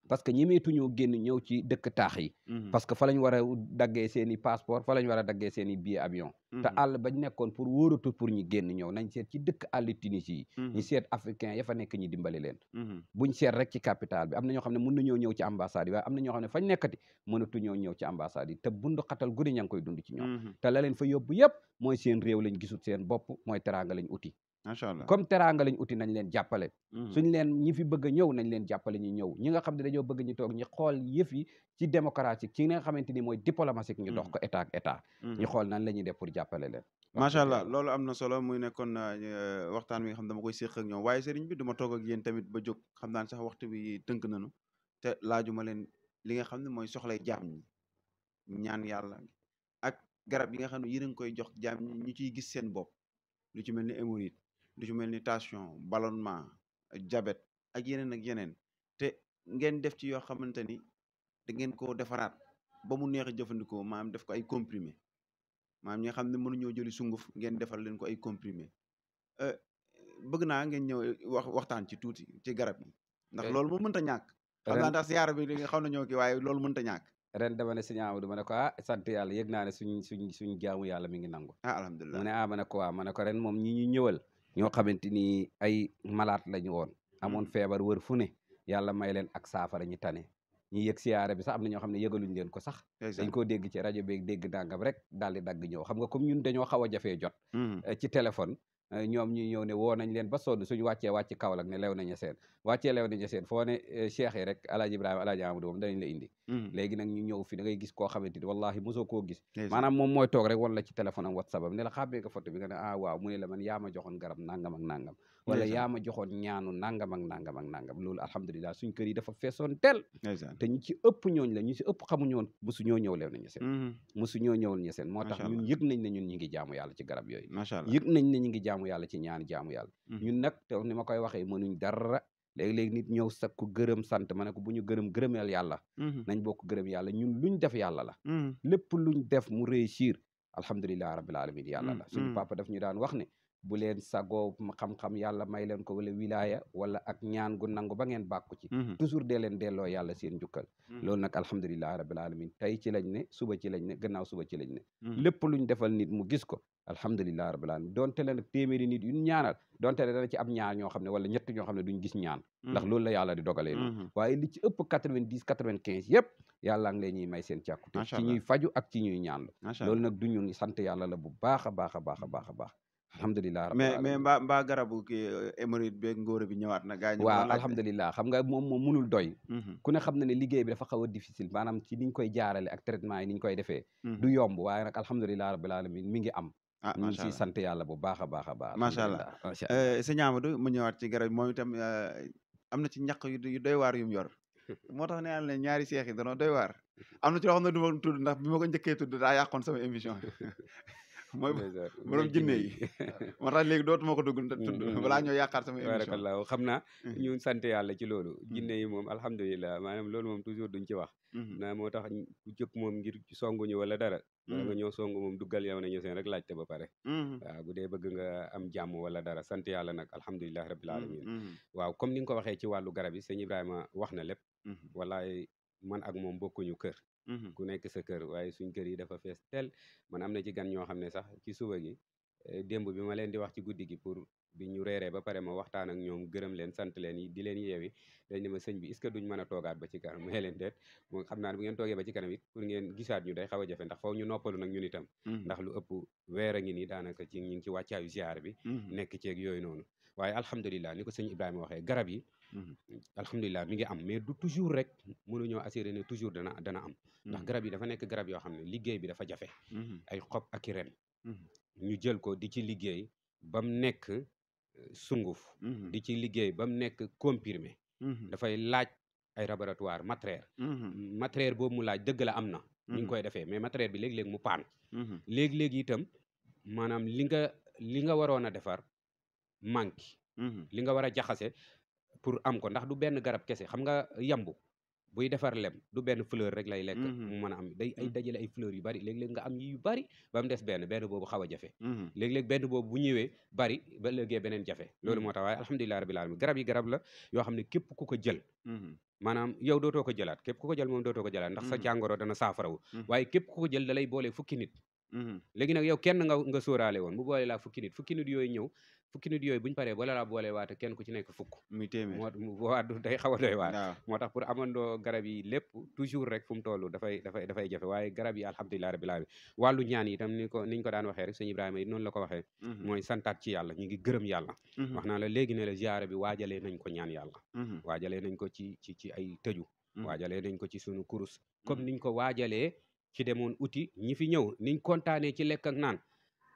parce que ñemeetuñoo génn ñëw ci dëkk taax yi mmh. parce que fa lañ war a daggee seen i passeport fa lañ war a daggee seen i billet avion te mmh. àll bañ nekkoon pour wóoratu pour ñu génn ñëw nañ seet ci dëkk àll Tunisie yi mmh. ñu seet africain ya fa nekk ñi dimbale leen buñ seet rek ci capital bi am na ñoo xam ne mën nañoo ñëw ci ambassade yi waaye na ñoo xam ne fañ nekkati mënatuñoo ñëw ci ambassade yi te bund xatal gune ña ngi koy dund ci ñoom te la leen fa yóbbu yëpp mooy seen réew lañ gisul seen bopp mooy teraanga lañ uti macha allah comme teraanga lañ uti nañ leen jàppale mmh. suñ leen ñi fi bëgg a ñëw nañ leen jàppale ñu ñëw ñi nga xam ne dañoo bëgg ñu toog ñu xool yëf yi ci démocratique ci nga xamante ni mooy diplomatique ñu dox mmh. ko état ak état ñu mmh. xool nan la ñuy def pour jàppale leen macha allah loolu am na solo muy nekkoon euh, waxtaan wi nga xam dama koy séq ak ñoom waaye sëriñ bi duma toog ak yéen tamit ba jog xam naa sax waxtu wi tënk nañu te laajuma leen li nga xam ne mooy soxlay jaam ñi ñaan yàlla ak garab yi nga xam ne yéen a ngi koy jox jaam ñi ñu ciy gis seen bopp lu ci mel ni hémorroïde du ci mel ni tension ballonnement diabète ak yeneen ak yeneen te ngeen def ci yoo xamante ni da ngeen ko defaraat ba mu neex a jëfandikoo maanaam def ko ay comprimé maam ñi xam ne mënuñoo jëli sunguf ngeen defal leen ko ay comprimé euh, bëgg naa ngeen ñëw eh, wax waxtaan ci tuuti ci garab yi. ndax loolu moom mënta ñàkk. xam naa ndax na ñëw ki waaye loolu mënta ñàkk. ren dama ne sëñ Amadou ma ne ko ah sant yàlla suñ suñ suñ jaamu yàlla mi ngi nangu. ah alhamdulilah mu ne ah, ko ren moom ñi ñu ñëwal. ñoo xamante ni ay malaat lañu woon mmh. amoon feebar wër fu ne yàlla may leen ak saafara ñi tane ñi yëg siyaare bi sax am na ñoo xam ne yëgaluñ leen ko sax dañ koo dégg ci rajo beeg dégg dàngam rek daal di dagg ñëw xam nga comme ñun dañoo xaw a jafee jot mmh. eh, ci téléphone Eh, ñoom ñuy ñëw ne woo nañ leen ba sonn suñu wàccee wàcc Kaolack ne lew nañu seen wàccee lew nañu seen foo ne eh, cheikh yi rek alaaji ibrahima alaaji amadou moom danañ la indi mm. léegi nag ñu ñëw fi da ngay gis koo xamante ni wallahi mosoo koo gis maanaam moom mooy toog rek wan la ci téléphone am whatsapp am ne la xàmmee nga photo bi nga ne ah waaw mu la man yaa ma joxoon garab nangam ak nangam wala yaa ma joxoon ñaanu nangam ak nangam ak nangam loolu alhamdulilah suñ kër yi dafa feesoon teel te ñu ci ëpp ñooñ la ñu ci ëpp xamuñu woon musu ñoo ñëw leew na ñeseen musu ñoo ñëwul ñeseen moo tax ñun yëg nañ ne ñun ñi ngi jaamu yàlla ci yooyu yëg nañ ne ñu ngi jaamu yàlla ci ñaan jaamu yàlla mm-hmm. ñun nag te ni ma koy waxee mënuñ dara léegi-léegi nit ñëw sakku gërëm sant ma ne ko bu ñu gërëm gërëmeel yàlla mm-hmm. nañ bokk gërëm yàlla ñun luñ def yàlla la mm-hmm. lépp luñ def mu réussir alhamdulilah rabbil alamin yàlla la suñu papa daf ñu daan wax ne bu leen sagoo xam-xam yàlla may leen ko wala wilaaya wala ak ñaan gu nangu ba ngeen bàkku ci mhm. toujours dee leen delloo yàlla seen njukkal mhm. loolu nag alhamdulilahi rabbil alamin tey ci lañ ne suba ci lañ ne gannaaw suba ci lañ ne mhm. lépp luñ defal nit mu gis ko alhamdulilahi rabbil alamin donte leen nag téeméeri nit yu ñaanal donte leen dana ci am ñaar ñoo xam ne wala ñett ñoo xam ne duñ gis ñaan ndax loolu la yàlla di dogalee noonu waaye li ci ëpp quatre-vingt-dix quatre-vingt-quinze yëpp yàlla ngi may seen càkkute ci ñuy faju ak ci ñuy ñaan la loolu nag du ñu sant yàlla la bu baax baax a baax a baax a baax alhamdulilah mais mais mbaa mbaa garabu ki hémorroïde eh, beeg ngóor bi ñëwaat na gaañ waaw alhamdulilah xam nga moom moom mënul doy mmh ku ne xam na ne liggéey bi dafa xaw a difficile maanaam ci niñ koy jaarale ak traitement yi niñ koy defee mmh du yomb waaye nag alhamdulilah rabbil alamin mi ngi am ah sant yàlla bu baax a baax a baax macha allah eh, sëñ Amadou mu ñëwaat ci garab moom itam eh, am na ci ñaq yu doy waar yu mu yor moo tax ne yàlla ñaari seex yi danoo doy waar am na ci loo xam ne du ma tudd ndax bi ma ko njëkkee tudd daa yàqoon sama émission mooy borom jinne yi moo tax léegi dootuma ko dugg tudd balaa ñoo yaakaar sama émission barakallahu xam naa mm-hmm. ñu sant yàlla ci loolu mm-hmm. jinne yi moom alhamdulilah maanaam loolu moom toujours duñ ci wax mm-hmm. naa moo tax ku jëkk moom ngir songu ñu wala dara wala nga ñoo songu moom duggal yow na ñu seen rek laajte ba pare waaw bu dee bëgg nga am jàmm wala dara sant yàlla nag alhamdulilahi rabbil alamin waaw comme ni nga ko waxee ci wàllu garab yi sëñ Ibrahima wax na lépp wallaay man ak moom bokkuñu kër Mmh ku nekk sa kër waaye suñ kër yi dafa fees tel man am na ci gan ñoo xam ne sax ci suba gi eh, demb bi ma leen di wax ci guddi gi pour bi ñu reeree ba pare ma waxtaan ak ñoom gërëm leen sant leen yi di leen yeewi dañ ne ma sëñ bi est duñ mën a toogaat ba ci kanam ma leen deet moo xam naa ne bu ngeen toogee ba ci kanam it pour ngeen gisaat ñu day xaw a jafe ndax faw ñu noppalu nag ñun itam mmh ndax lu ëpp weer a ngi nii daanaka ci ñu ngi ci wàccaayu ziar bi mmh nekk ceeg yooyu noonu waaye alhamdulilah ni ko sëñ Ibrahima waxee garab yi Mmh alhamdulilah mi ngi am mais du toujours rek mënuñoo assuré ne toujours dana dana am mmh ndax garab yi dafa nekk garab yoo xam ne liggéey bi dafa jafe mmh ay xob ak i ren ñu jël ko di ci liggéey ba mu nekk euh, sunguf di ci liggéey ba mu nekk comprimé dafay laaj ay laboratoire matériel matériel boobu mu laaj dëgg la am na ñu ngi koy defee mais matériel bi léeg-léeg mu paan léeg-léeg itam maanaam li nga li nga waroon a defar manque li nga war a jaxase pour am ko ndax du benn garab kese xam nga yambu buy defar lem du benn fleur rek lay lekk mmh mu am day ay mmh. dajale ay fleurs yu bari léeg-léeg nga am yu bari ba mu des benn benn boobu xaw a jafe mmh léeg-léeg benn boobu bu ñëwee bari ba léegee beneen jafe loolu moo tax waaye alhamdulillahi rabbil alamin garab yi garab la yoo xam ne képp ku ko jël maanaam yow dootoo ko jëlaat ku ko jël moom dootoo ko jëlaat ndax sa jàngoro dana saafarawu waaye képp ko jël da lay boolee nit léegi nag yow kenn nga nga sóoraale woon mu boole laa fukki nit fukki nit yooyu ñëw fukki nit yooyu bu ñu paree boole laa boole waate kenn ku ci nekk fukk day xaw a doy waat moo tax pour amandoo garab yi toujours rek fu mu toll dafay dafay dafay jafe waaye garab yi alhamdulilah rabbil alamin wàllu ñaan yi itam ko niñ ko daan waxee rek sëñ Ibrahima yi noonu la ko waxee mhm. mooy santaat ci yàlla ñu ngi gërëm yàlla mhm. wax naa la léegi ne la ziyaara nañ ko ñaan yàlla mhm. waajalee nañ ko ci ci ci ay tëju waajalee nañ ko ci sunu kurus comme niñ ko waajalee ci demoon uti ñi fi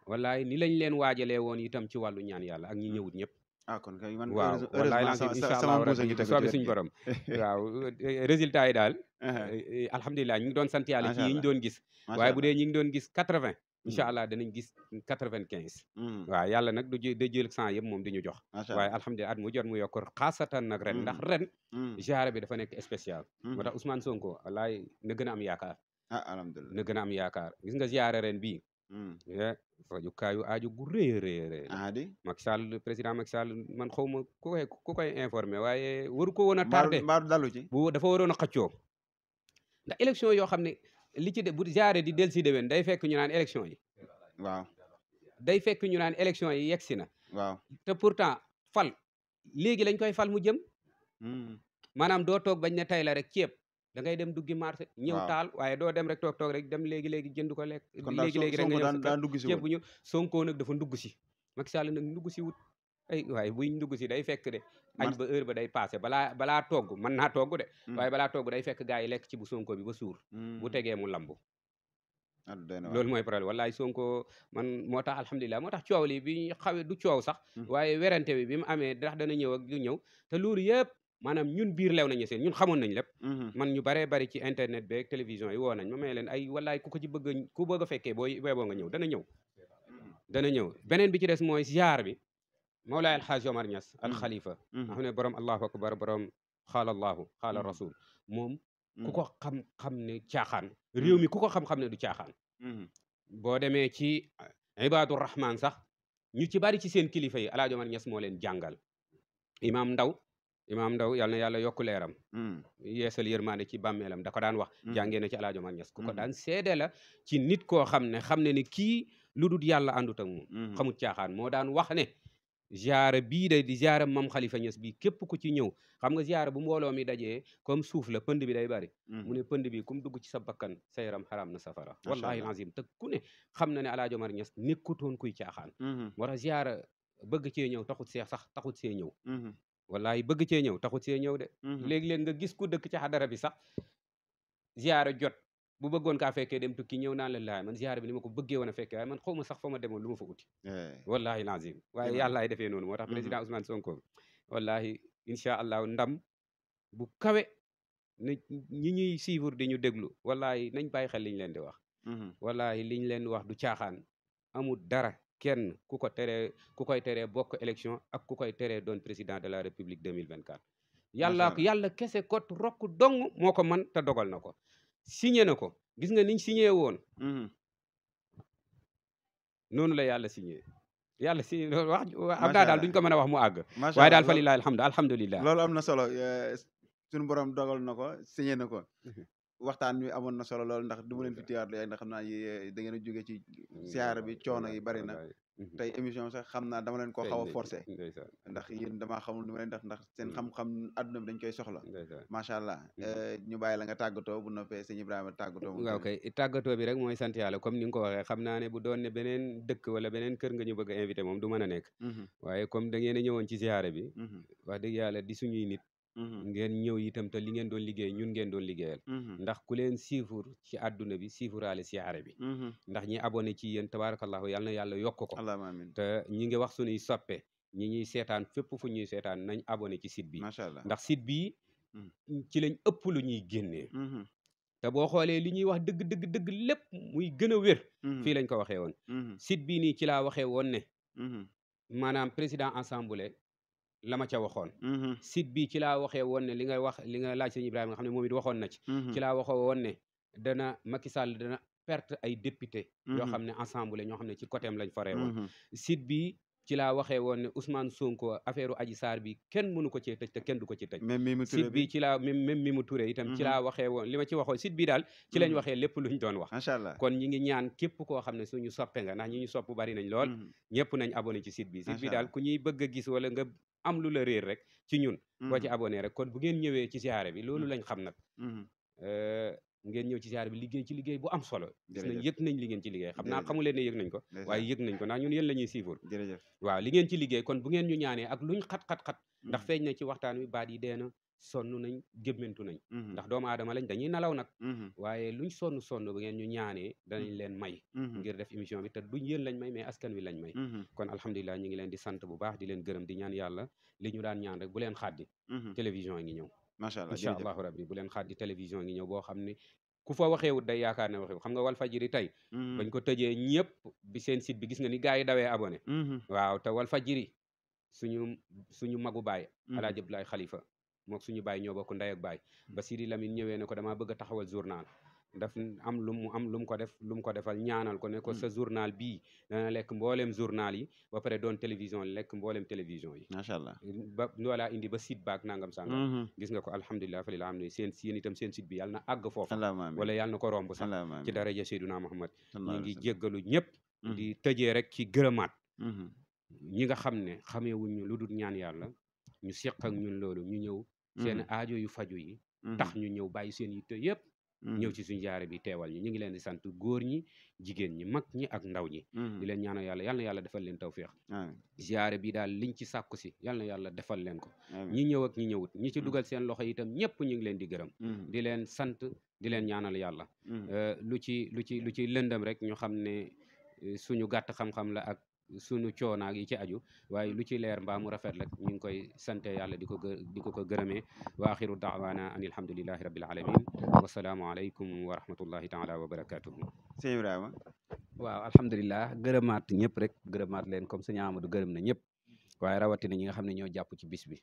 wallaay ni lañ leen waajalee woon itam ci wàllu ñaan yàlla ak ñi ah. ñëwut ñëpp ah kon kay waaw suñu borom waaw eh, eh, résultat yi daal eh, alhamdulilah ñu ngi doon sant yàlla ci doon gis waaye bu dee ñi ngi doon gis quatre vingt hmm. incha allah danañ gis quatre vingt quinze hmm. waaw yàlla nag du da jël cent yëpp moom di ñu jox waaye alhamdulilah at mu jot mu yokkur xaasatan nag ren hmm. ndax ren ziyaara bi dafa nekk spécial moo tax Ousmane Sonko wallaay na gën a am yaakaar ah gën am yaakaar gis nga ren bii Mm. e eh, fajukkaayu aajo gu rëy a rëy rëy aadi ah, Macky Sall président Macky Sall man xaw ma ku koy ku koy informé waaye waru ko woon a tardé mbaaru dalu ci bu dafa waroon a xaccoo nda élection yoo xam ne li ci de bu jaare di del si déwén day fekk ñu naan élection yi waaw day fekk ñu naan élection yi yegsi na waaw te pourtant fal léegi lañ koy fal mu jëm mm. maanaam doo toog bañ ne tey la rek ceeb da ngay dem duggi marché ñëw taal waaye doo dem rek toog toog rek dem léegi-léegi jënd ko lekk léegi-léegi rek nga ñëw képp ñu Sonko nag dafa ndugg si Macky Sall nag ndugg si wut ay waaye buy ndugg si day fekk de añ ba heure ba day passé balaa balaa togg mën naa togg de hmm. waaye balaa togg day fekk gars yi lekk ci bu Sonko bi ba suur hmm. bu tegee mu lambu ah, loolu mooy problème wallaay Sonko man moo tax alhamdulilah moo tax coow li bi xawe du coow sax hmm. waaye werante bi bi mu amee ndax dana ñëw ak du ñëw te maanaam ñun biir lew nañu seen ñun xamoon nañ lépp mmh man ñu baree bari ci internet beeg télévision yi woo nañ ma may ay wallaay ku ko ci bëgg ku bëgg a fekkee booy boo nga ñëw dana ñëw mmh. dana ñëw beneen bi ci des mooy ziar bi Mawlaay Alxaaj Omar Ñas alxalifa mmh. nga xam ne borom allahu akbar borom xaala allahu xaala rasul moom ku ko xam-xam ne caaxaan réew mi ku ko xam-xam ne du caaxaan boo demee ci eh, ibaadu rahman sax ñu ci bari ci seen kilifa yi Alaaji Omar moo leen jàngal imaam Ndaw imaam Ndaw yal na yàlla yokku leeram mm. yeesal yërmaande ci bàmmeelam da ko daan wax mm. jàngee na ci alaajo man ñes ku ko mm. daan seede la ci nit koo xam ne xam ne ni kii lu dul yàlla àndut ak moom mm-hmm. xamut caaxaan moo daan wax ne ziyaara bii de di ziyaara mam xalifa ñes bi képp ku ci ñëw xam nga ziyaara bu mbooloo mi dajee comme suuf la pënd bi day bari mm-hmm. mu ne pënd bi comme dugg ci sa bakkan sa yaram xaraam na safara wallahi lazim te ku ne xam na ne alaajo mar ñes nekkutoon kuy caaxaan war mm-hmm. a ziyaara bëgg cee ñëw taxut see sax taxut see ñëw wallaay bëgg cee ñëw taxut see ñëw de mmh léegi leen nga gis ku dëkk ci dara bi sax ziyaara jot bu bëggoon kaa fekkee dem tukki ñëw naan la laay man ziyaara bi ni ma ko bëggee woon a fekkee waaye man xaw ma sax fa ma demoon lu ma fa uti eh. wallahi lazim waaye yàllaay defee noonu moo tax mmh président Ousmane Sonko bi wallahi incha allahu ndam bu kawe na ñi ñuy suivre di ñu déglu wallahi nañ bàyyi xel liñ leen di wax mmh wallahi liñ leen wax du caaxaan amul dara kenn ku ko tere ku koy teree bokk élection ak ku koy teree doon président de la république 2024 yàlla yàlla kese kot rokk dong moo ko man te dogal na ko signé na ko gis nga niñ signé woon mm-hmm. noonu la yàlla signé yàlla si loolu wax am naa daal duñ ko mën a wax mu àgg waaye daal fa lilahi alhamdu alhamdulilah loolu am na solo eh, suñu borom dogal na ko signé na ko mhm. waxtaan wi amoon na solo lool ndax du ma leen fi tiyaat léegi ndax xam naa yi eh, da ngeen a jóge ci mm, siyaara bi coono yi bari na mm-hmm. tey émission sax xam naa dama leen koo xaw a forcé ndax yéen damaa xamul nu ma leen ndax ndax seen mm-hmm. xam-xam adduna bi dañ koy soxla macha allah mm-hmm. eh, ñu bàyyi la nga tàggatoo bu noppee sëñ Ibrahima tàggatoo waaw kay tàggatoo bi rek mooy sant yàlla comme ni nga ko waxee xam naa ne bu doon ne beneen dëkk wala beneen kër nga ñu bëgg invité moom du mën a nekk waaye comme da ngeen a ñëwoon ci siyaara bi wax dëgg yàlla di suñuy nit Mmh. ngeen ñëw itam te li ngeen doon liggéey ñun ngeen doon liggéeyal mmh. ndax ku leen siifur ci àdduna bi siifuraale siyaare bi mmh. ndax ñi abonné ci yéen tabarakallahu yal na yàlla yokk ko te ñi ngi wax suñuy ñi ñi ñuy seetaan fépp fu ñuy seetaan nañ abonné ci site bi macha allah ndax site bi ci lañ ëpp lu ñuy génnee te boo xoolee li ñuy wax dëgg dëgg dëgg lépp muy gën a wér fii lañ ko waxee woon site bii nii ci laa waxee woon ne maanaam président assemblée la ma ca waxoon mm-hmm. site bi ci la waxee woon ne li nga wax li nga laaj sëñ Ibrahima nga xam ne moom waxoon na ci mm-hmm. ci laa waxoo woon ne dana Macky Sall dana perte ay député yoo mm-hmm. xam ne ensemble ñoo xam ne ci côté am lañ faree woon site bi ci laa waxee woon ne Ousmane Sonko affaire Adji Sarr bi kenn mënu ko cee tëj te kenn du ko ci tëj site bi ci laa même même Mimi Touré ci laa waxe woon li ma ci waxoon site bi daal ci lañ waxe lépp luñ doon wax macha allah kon ñi ngi ñaan képp ko xam ne suñu soppe nga ndax ñi ñu sopp bari nañ lool ñëpp nañ abonné ci site bi site bi daal ku bëgg a wala nga am lu la réer rek ci ñun boo ci mmh abonné rek kon bu ngeen ñëwee ci siyaare bi loolu mmh. lañ xam nag mmh ngeen ñëw ci siyaare bi liggéey ci liggéey bu am solo gis nañ yëg nañ li ngeen ci liggéey xam na xamu leen ne yëg nañ ko waaye yëg nañ ko ndax ñun yéen la ñuy siifur waaw li ngeen ci liggéey kon bu ngeen ñu ñaanee ak luñ xat-xat-xat ndax feeñ na ci waxtaan wi baat yi dee na sonn nañ gémmantu nañ mmh ndax doom aadama lañ dañuy nalaw nag mmh waaye luñ sonn sonn ba ngeen ñu ñaanee mmh. danañ leen may ngir def émission bi te duñ yéen lañ may mais askan wi lañ may kon alhamdulilah ñu ngi leen di sant bu baax di leen gërëm di ñaan yàlla li ñu daan ñaan rek bu leen xaddi télévision ngi ñëw macha allah allahu rabbi bu leen xaddi télévision ngi ñëw boo xam ne ku fa waxeewut day yaakaar ne waxeewut xam nga Walfajiri tey bañ ko tëjee ñëpp bi seen site bi gis nga ni gars yi dawee abonné waaw te Walfajiri suñu suñu magu baay alaaji Abdoulaye Khalifa mook suñu baay ñoo bokk ndey ak baay ba Sidi Lamine ñëwee ne ko dama bëgg taxawal journal daf am lu mu am lu mu ko def lu mu ko defal ñaanal ko ne ko hmm. sa journal bii dana lekk mbooleem journal yi ba pare doon télévision lekk mbooleem télévision yi macha allah ba loolaa indi ba site baak nangam sàngam hmm. gis nga ko alhamdulilah falil am ne seen yéen itam seen site bi yàlla na àgg foofu wala yàlla na ko romb sax ci daraja Seyduna Muhammad ñu ngi jéggalu ñëpp hmm. di tëjee rek ci gërëmaat ñi nga xam ne xamee wuñu lu dul ñaan yàlla ñu seq ak ñun loolu ñu ñëw seen mmh. aajo yu faju yi tax mmh. ñu ñëw bàyyi seen yitte yëpp ñëw mmh. ci suñu jaare bi teewal ñu ñu ngi leen di sant góor ñi jigéen ñi mag ñi ak ndaw ñi di leen ñaanal yàlla yal na yàlla defal leen tawféex jaare bi daal liñ ci sàkku si yal na yàlla defal leen ko ñi ñëw ak ñi ñëwut ñi ci dugal seen loxo itam ñëpp ñu ngi leen di gërëm di leen sant di leen ñaanal yàlla euh, lu ci lu ci lu ci lëndëm rek ñu xam ne euh, suñu gàtt xam-xam la ak sunu coonaak yi ci aju waaye lu ci leer mbaa mu rafet rek ñu ngi koy sante yàlla di ko di ko ko gërëmee wa axiru daawaana an alhamdulilahi rabil alamin wasalaamu aleykum wa rahmatullahi taala wa barakatuhu sëñ Ibrahima waaw alhamdulilah gërëmaat ñëpp rek gërëmaat leen comme sëñ Amadou gërëm na ñëpp waaye rawatina ñi nga xam ne ñoo jàpp ci bis bi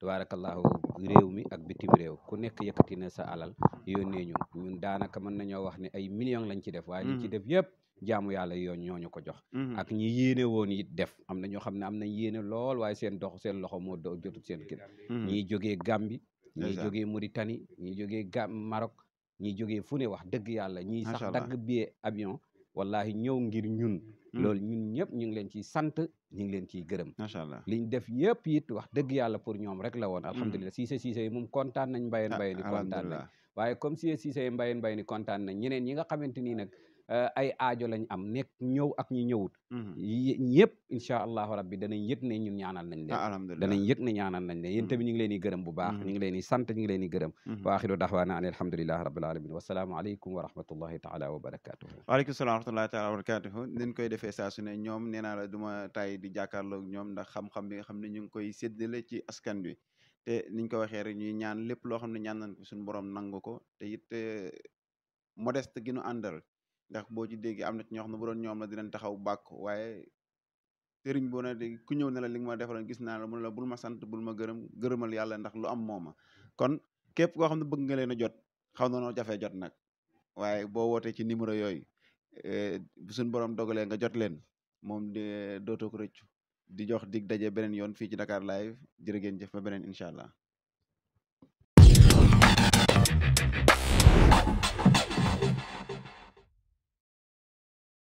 tabarakallahu réew mi ak bitim réew ku nekk yëkkati na sa alal yónnee ñu ñun daanaka mën nañoo wax ne ay millions lañ ci def waaye liñ ci hmm. def yëpp jaamu yàlla yoon ñooñu ko jox mm-hmm. ak ñi yéene woon it def am na ñoo xam ne am nañ yéene lool waaye seen dox seen loxo moo do jotut seen kër mm-hmm. ñii jógee Gambie ñii jógee Mauritanie ñii jógee Ga Maroc ñii jógee fu ne wax dëgg yàlla ñii sax dagg bee avion wallahi ñëw ngir ñun mm-hmm. loolu ñun ñëpp ñu ngi leen ciy sant ñu ngi leen ciy gërëm macha allah liñ def yëpp it wax dëgg yàlla pour ñoom rek la woon alhamdulilah siise siise yi moom kontaan nañ mbayeen ah, mbayeen yi kontaan nañ waaye comme siise siise yi mbayeen mbayeen yi kontaan nañ ñeneen ñi nga xamante nii nag Euh, ay ajo lañ am nekk ñëw ak ñi ñëwut mmh. ñëpp incha allahu rabbi danañ yëg ñun ñaanal nañ leen ah, alhamdulillah danañ yëg ne ñaanal nañ leen yéen mmh. tamit ñu ngi leen di gërëm bu baax mmh. ñu ngi leen di sant ñu ngi leen di a wa axiru daxwaana ani alhamdulillahi rabbil alamin wasalaamu aleykum wa rahmatullahi taala wa barakatuhu waaleykum salaam wa rahmatullahi taala wa barakatuhu koy defee saa su ne ñoom nee naa la du ma tay di jàkkaarloog ñoom ndax xam bi nga xam ne ñu ngi koy séddale ci askan bi te niñ ko waxee rek ñuy ñaan lépp loo xam ne ñaan nañ ko suñu borom nangu ko te it euh, modeste gi nu àndal ndax boo ci dégg am na ci ñoo xam ne bu doon ñoom la dinañ taxaw bàkk waaye sëriñ boo ne de ku ñëw ne la li nga ma defaloon gis naa la mu ne la bul ma sant bul ma gërëm gërëmal yàlla ndax lu am mooma kon képp koo xam ne bëgg nga leen a jot xaw na noo jafee jot nag waaye boo wootee ci numéro yooyu eh, suñ borom dogalee nga jot leen moom de dootoo ko rëccu di jox dig daje beneen yoon fii ci Dakar live jërë ngeen jëf beneen incha allah